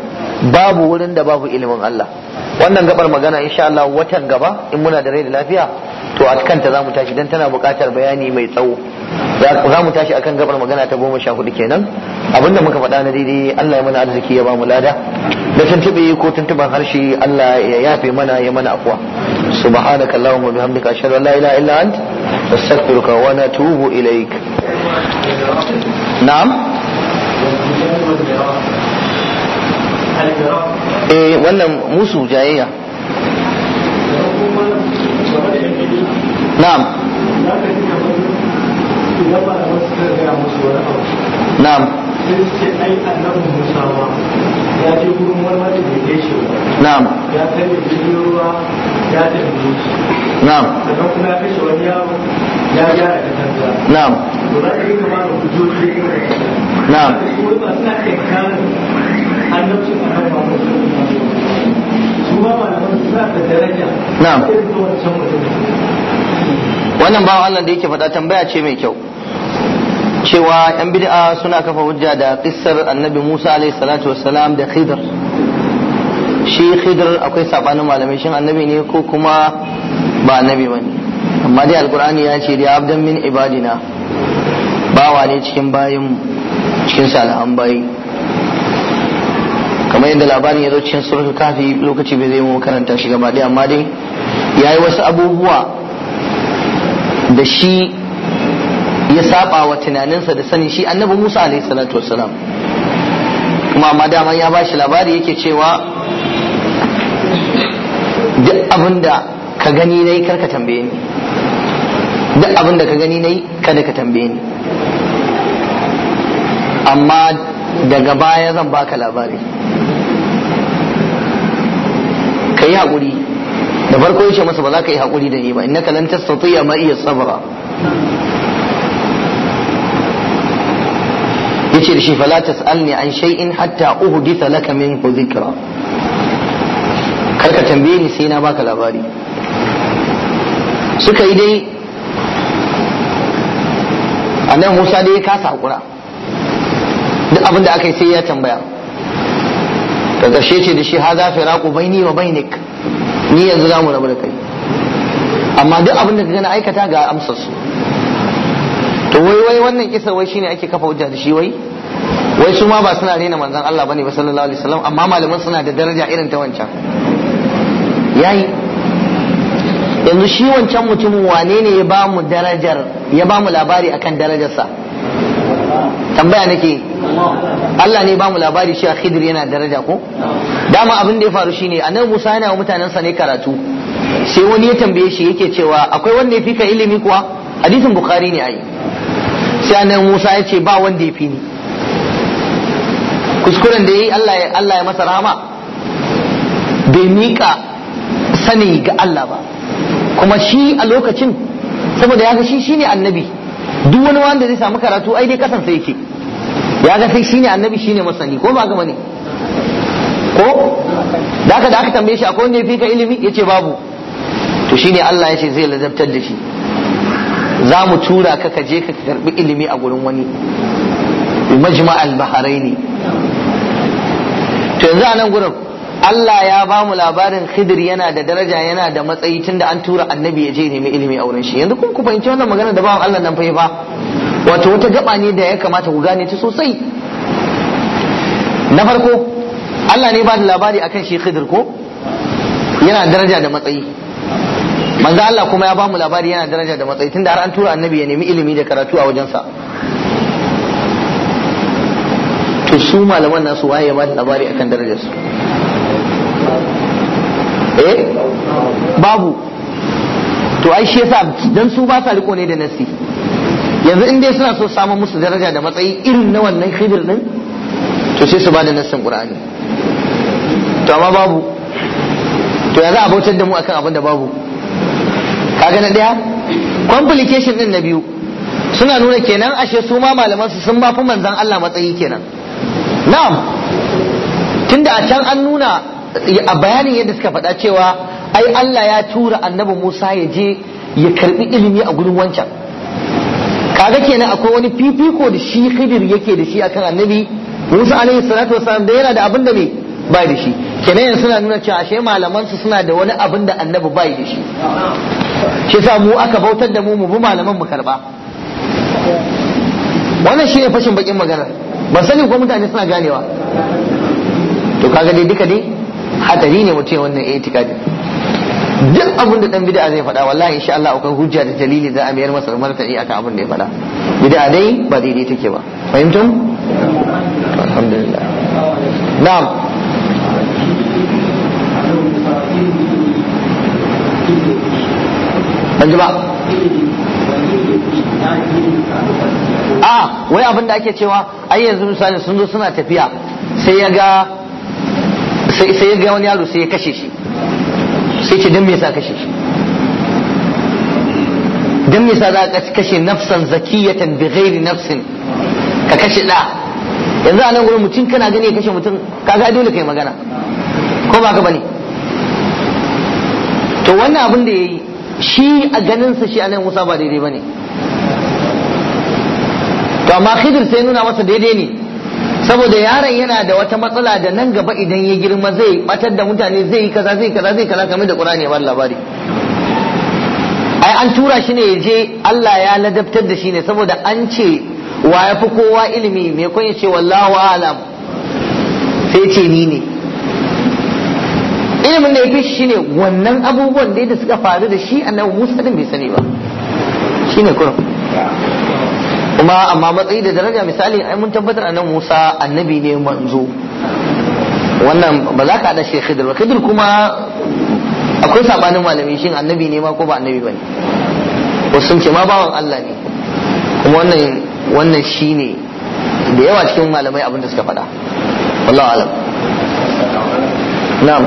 babu wurin da babu ilimin Allah wannan gabar magana insha Allah watan gaba in muna da rai da lafiya to a kanta za mu tashi dan tana buƙatar bayani mai tsawo za mu tashi akan gabar magana ta goma sha hudu kenan abinda muka faɗa na daidai Allah ya mana arziki ya ba mu lada da tuntube ko tuntuban harshe Allah ya yafe mana ya mana akwa subhanaka allahumma wa bihamdika ashhadu an la ilaha illa ant astaghfiruka wa natubu ilaik na'am eh wannan musu jayayya na'am na'am ya je gurin wani wanda bai kai shi ba na'am ya kai da jirgin ruwa ya tafi shi na'am sannan kuma ya kashe wani yaro ya gyara katanga na'am to za ka yi kama da kujoji na'am kuma ba suna kai karin annabcin a kan mamu su ma malaman suna da daraja na'am irin wannan bawan Allah da yake faɗa tambaya ce mai kyau cewa yan bid'a suna kafa hujja da kissar annabi Musa alaihi salatu wassalam da Khidr shi Khidr akwai sabanin malamai shin annabi ne ko kuma ba annabi bane amma dai alqur'ani ya ce da abdan min ibadina bawa ne cikin bayin cikin salihan bayi kamar yadda labarin ya zo cikin suratul kafi lokaci bai zai mu karanta shi gaba dai amma dai yayi wasu abubuwa da shi ya saba wa tunaninsa da sanin shi annabi Musa alaihi salatu wassalam kuma amma ya bashi labari yake cewa duk abinda ka gani nayi kar ka tambaye ni duk abinda ka gani nayi kada ka tambaye ni amma daga baya zan baka labari ka yi haƙuri da farko ya ce masa ba za ka yi haƙuri da ni ba innaka lan tastati'a ma iya sabra yace da shi fala tasalni an shay'in hatta uhditha laka minhu dhikra karka tambaye ni sai na baka labari suka yi dai annabi Musa dai ya kasa hakura duk abin da aka yi sai ya tambaya da ƙarshe ce da shi haza bai baini wa bainik ni yanzu za mu rabu da kai amma duk abin da ka gani aikata ga amsar su to wai wai wannan kisa wai shine ake kafa hujja da shi wai wai su ma ba suna rena manzon Allah bane ba sallallahu alaihi wasallam amma malaman suna da daraja irin ta wancan yayi yanzu shi wancan mutumin wane ne ya ba mu darajar ya ba mu labari akan darajarsa tambaya nake Allah ne ba mu labari shi a khidir yana daraja ko dama abin da ya faru shine annabi Musa yana wa mutanen sa ne karatu sai wani ya tambaye shi yake cewa akwai wanda ya fika ilimi kuwa hadisin bukhari ne ai sai annabi Musa ya ce ba wanda ya fi ni kuskuren da yayi Allah ya Allah ya masa rahama bai mika sani ga Allah ba kuma shi a lokacin saboda ya ga shi shine annabi duk wani wanda zai samu karatu ai dai kasance yake ya ga sai shine annabi shine masani ko ba gama ne ko da aka da aka tambaye shi akwai wanda ya fi ka ilimi ya ce babu to shine Allah ya ce zai ladabtar da shi za mu tura ka ka je ka karbi ilimi a gurin wani majma al-baharaini to yanzu a nan gurin Allah ya ba mu labarin Khidir yana da daraja yana da matsayi tunda an tura annabi ya je nemi ilimi a wurin shi yanzu kun ku fahimci wannan magana da ba Allah nan fa ba wato wata gaba ne da ya kamata ku gane ta sosai na farko Allah ne ba da labari akan shi Khidir ko yana daraja da matsayi manzo Allah kuma ya ba mu labari yana daraja da matsayi tunda har an tura annabi ya nemi ilimi da karatu a wajensa to su malaman nasu waye ya ba da labari akan darajarsu eh babu to ai shi yasa dan su ba sa riko ne da nasi yanzu in dai suna so samun musu daraja da matsayi irin na wannan khidir din to sai su ba da nassin qur'ani to amma babu to ya za a bautar da mu akan abin da babu kaga na daya complication din na biyu suna nuna kenan ashe su ma malaman su sun bafi manzan Allah matsayi kenan na'am tunda a can an nuna a bayanin yadda suka faɗa cewa ai Allah ya tura annabi Musa ya je ya karbi ilimi a gurin wancan kaga kenan akwai wani fifiko da shi khidir yake da shi akan annabi Musa alaihi salatu wasallam da yana da abin da mai bai da shi kenan suna nuna cewa ashe malaman su suna da wani abin da annabi bai da shi shi sa mu aka bautar da mu mu bi malaman mu karba wannan shi ne fashin bakin magana ban sani ko mutane suna ganewa to kaga dai duka dai hatari ne mutum wannan itikadin duk abin da dan bid'a zai faɗa wallahi insha Allah akwai hujja da dalili za a mayar masa martani akan abin da ya faɗa bid'a dai ba daidai take ba fahimtum alhamdulillah na'am ban ji ba a wai abin da ake cewa ai yanzu misali sun zo suna tafiya sai ya ga sai ya ga wani yaro sai ya kashe shi sai ce dan me yasa kashe shi dan me yasa za ka kashe nafsan zakiyatan bi ghairi nafsin ka kashe da yanzu anan nan gurin mutum kana gani ya kashe mutum ka ga dole kai magana ko ba ka bane to wannan abin da yayi shi a ganinsa shi nan Musa ba daidai bane to amma Khidir sai nuna masa daidai ne saboda yaron yana da wata matsala da nan gaba idan ya girma zai batar da mutane zai yi kaza zai kaza zai kaza kamar da Qur'ani ya labari ai an tura shi ne ya je Allah ya ladabtar da shi ne saboda an ce wa ya fi kowa ilimi mai kun ce wallahu alam sai ce ni ne ilimin da ya fi shi shine wannan abubuwan da da suka faru da shi annabi Musa din bai sani ba shine kurum kuma amma matsayi da daraja misali ai mun tabbatar annabi Musa annabi ne manzo wannan ba za ka da shi Khidir ba Khidir kuma akwai sabanin malami shin annabi ne ma ko ba annabi bane wasu sun ce ma bawan Allah ne kuma wannan wannan shine da yawa cikin malamai abin da suka faɗa wallahu alam na'am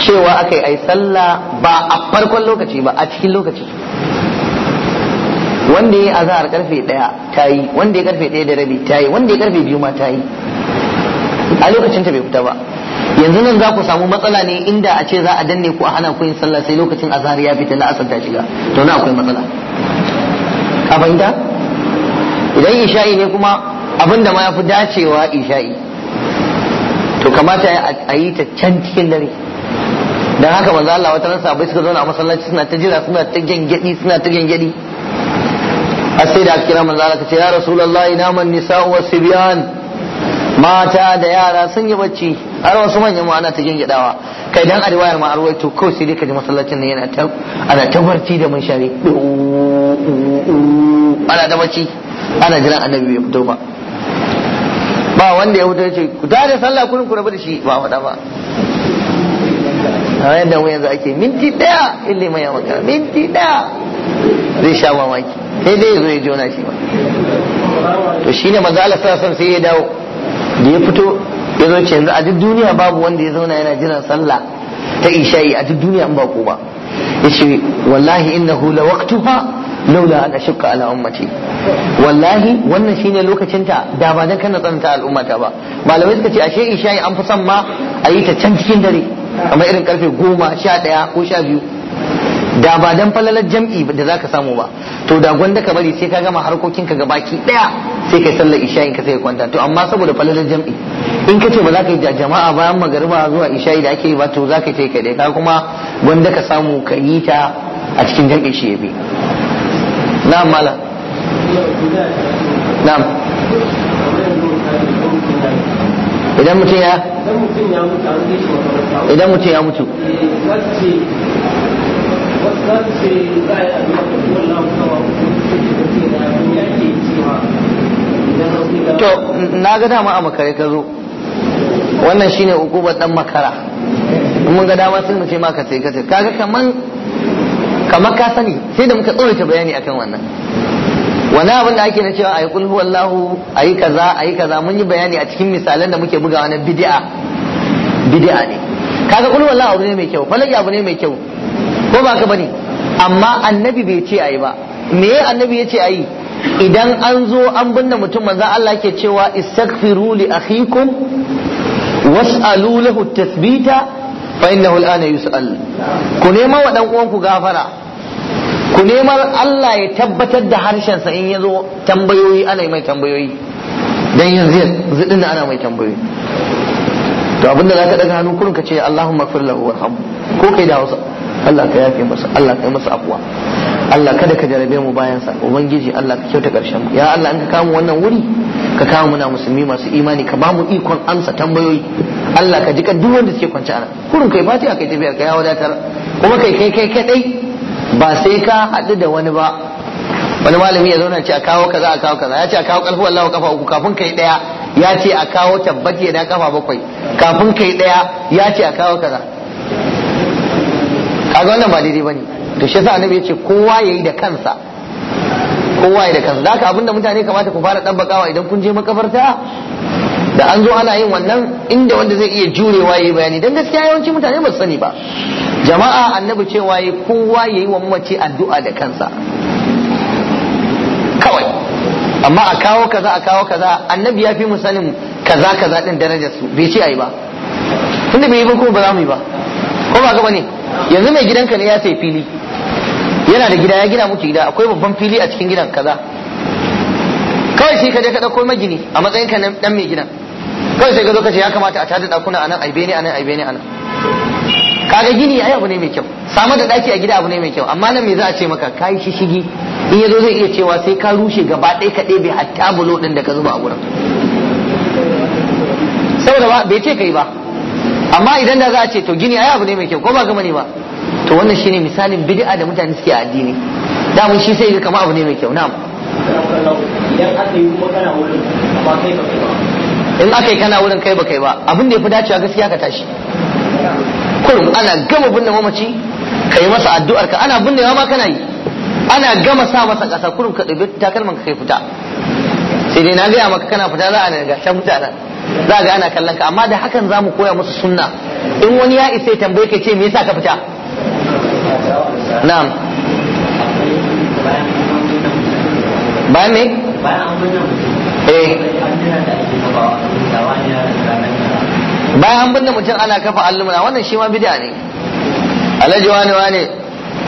cewa aka yi sallah ba a farkon lokaci ba a cikin lokaci wanda ya azahar karfe daya ta yi wanda ya karfe daya da rabi ta yi wanda ya karfe biyu ma ta yi a lokacin ta bai fita ba yanzu nan za ku samu matsala ne inda a ce za a danne ku a hana ku yin sallah sai lokacin azahar ya fita na asar ta shiga to na akwai matsala a fahimta idan isha'i ne kuma abin da ma ya fi dacewa isha'i to kamata a yi ta can cikin dare dan haka manzo Allah wata ran sabai suka zauna a masallaci suna ta jira suna ta gengedi suna ta gengedi har sai da kira manzo Allah kace ya rasulullahi naman nisa'u wasibyan mata da yara sun yi bacci har wasu manyan ma ana ta gengedawa kai dan arwayar ma to ko sai dai ji masallacin nan yana ta ana ta barci da mun share ana da bacci ana jiran annabi ya fito ba ba wanda ya fito ya ce ku tare sallah kun ku rabu da shi ba wada ba kamar yadda mu yanzu ake minti daya ille mai ya minti daya zai sha mamaki sai dai zo ya jona shi ba to shine maza Allah sallallahu sai ya dawo da ya fito ya zo ce yanzu a duk duniya babu wanda ya zauna yana jiran sallah ta isha'i a duk duniya an ba ko ba yace wallahi innahu la waqtuha laula an ashqa ala ummati wallahi wannan shine lokacin ta da ba dan kana tsanta al'ummata ba malamai suka ce ashe isha'i an fi son ma a yi ta can cikin dare kamar irin karfe goma sha ɗaya ko sha biyu da ba dan falalar jam'i da zaka samu ba to da gwanda ka bari sai ka gama harkokin ka gabaki daya sai kai sallar in ka sai kwanta to amma saboda falalar jam'i in ka ce ba za ka yi da jama'a bayan magariba zuwa isha'i da ake yi ba to za ka yi kai dai ka kuma gwanda ka samu ka yi ta a cikin jam'i shi bi. na'am malam na'am idan mutum ya idan mutum ya mutu to na ga dama a makare ka zo wannan shine hukubar dan makara mun ga dama sun mu ma maka sai kace kaga kaman kamar ka sani sai da muka tsawaita bayani akan wannan wani abin da ake na cewa ayi kul a ayi kaza ayi kaza mun yi bayani a cikin misalan da muke buga wani bid'a bid'a ne kaga kulhu wallahu abu ne mai kyau falaki abu ne mai kyau ko ba ka bane amma annabi bai ce ayi ba me annabi ya ce ayi idan an zo an binne mutum manzo Allah ke cewa istaghfiru li akhikum was'alu lahu tathbita fa innahu al'ana yus'al ku nema wa dan uwanku gafara ku neman Allah ya tabbatar da harshensa in ya zo tambayoyi ana mai tambayoyi don yanzu zidin ana mai tambayoyi to abinda za ka daga hannu kurin ka ce Allahumma fir lahu warham ko kai da Hausa Allah ka yafe masa Allah ka yi masa afuwa Allah kada ka jarabe mu bayan sa ubangiji Allah ka kyauta karshen mu ya Allah in ka kamu wannan wuri ka kawo muna musulmi masu imani ka ba mu ikon amsa tambayoyi Allah ka jika duk wanda suke kwance ana kurin kai fatiha kai tafiya kai ya wadatar kuma kai kai kai kai dai ba sai ka haɗu da wani ba wani malami ya zauna ce a kawo kaza a kawo kaza ya ce a kawo ƙarfi wallahu kafa uku kafin kai ɗaya ya ce a kawo tabbaci da kafa bakwai kafin kai ɗaya ya ce a kawo kaza kaga wannan ba daidai bane to shi yasa annabi ya ce kowa yayi da kansa kowa yayi da kansa da haka abinda mutane kamata ku fara ɗabbakawa idan kun je makabarta da an zo ana yin wannan inda wanda zai iya jurewa yayi bayani dan gaskiya yawanci mutane ba su sani ba jama'a annabi cewa yi kowa ya yi wa mace addu'a da kansa kawai amma a kawo kaza a kawo kaza annabi ya fi musanin kaza kaza din darajar su bai ce ayi ba tunda bai yi ba kuma ba za mu yi ba ko ba gaba ne yanzu mai gidanka ne ya sai fili yana da gida ya gina muku gida akwai babban fili a cikin gidan kaza kawai shi ka je ka dauko magini a matsayin ka dan mai gidan kawai sai ka zo ka ce ya kamata a tada dakuna anan aibe ne anan aibe ne anan kaga gini ai abu ne mai kyau samar da daki a gida abu ne mai kyau amma nan me za a ce maka kai shishigi in yazo zai iya cewa sai ka rushe gaba ɗaya ka ɗebe hatta bulo din da ka zuba a wurin saboda ba bai ce kai ba amma idan da za a ce to gini ai abu ne mai kyau ko ba gama ne ba to wannan shine misalin bid'a da mutane suke addini da mun shi sai ga kama abu ne mai kyau na'am idan aka yi kana wurin kai ba kai ba in aka yi kana wurin kai ba kai ba abin da ya fi dacewa gaskiya ka tashi kurum ana gama binne mamaci kai masa addu'ar ka ana binne ma kana yi ana gama sa masa ƙasa kurum ka ɗabi takalman ka kai fita sai dai na gaya maka kana fita za a ga shan mutanen za ga ana kallon ka amma da hakan za mu koya musu sunna in wani ya isa tambaye ka ce me yasa ka fita na'am bayan me eh bayan an binne mutum ana kafa alluma wannan shi ma bid'a ne alhaji wani wani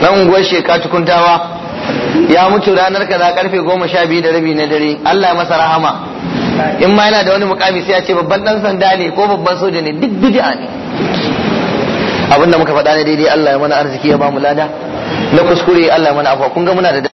dan unguwar sheka tukuntawa ya mutu ranar kaza karfe goma sha biyu da rabi na dare Allah ya masa rahama in ma yana da wani mukami sai ya ce babban dan sanda ne ko babban soja ne duk bid'a ne abinda muka faɗa ne daidai Allah ya mana arziki ya ba mu lada na kuskure Allah ya mana afuwa kun ga muna da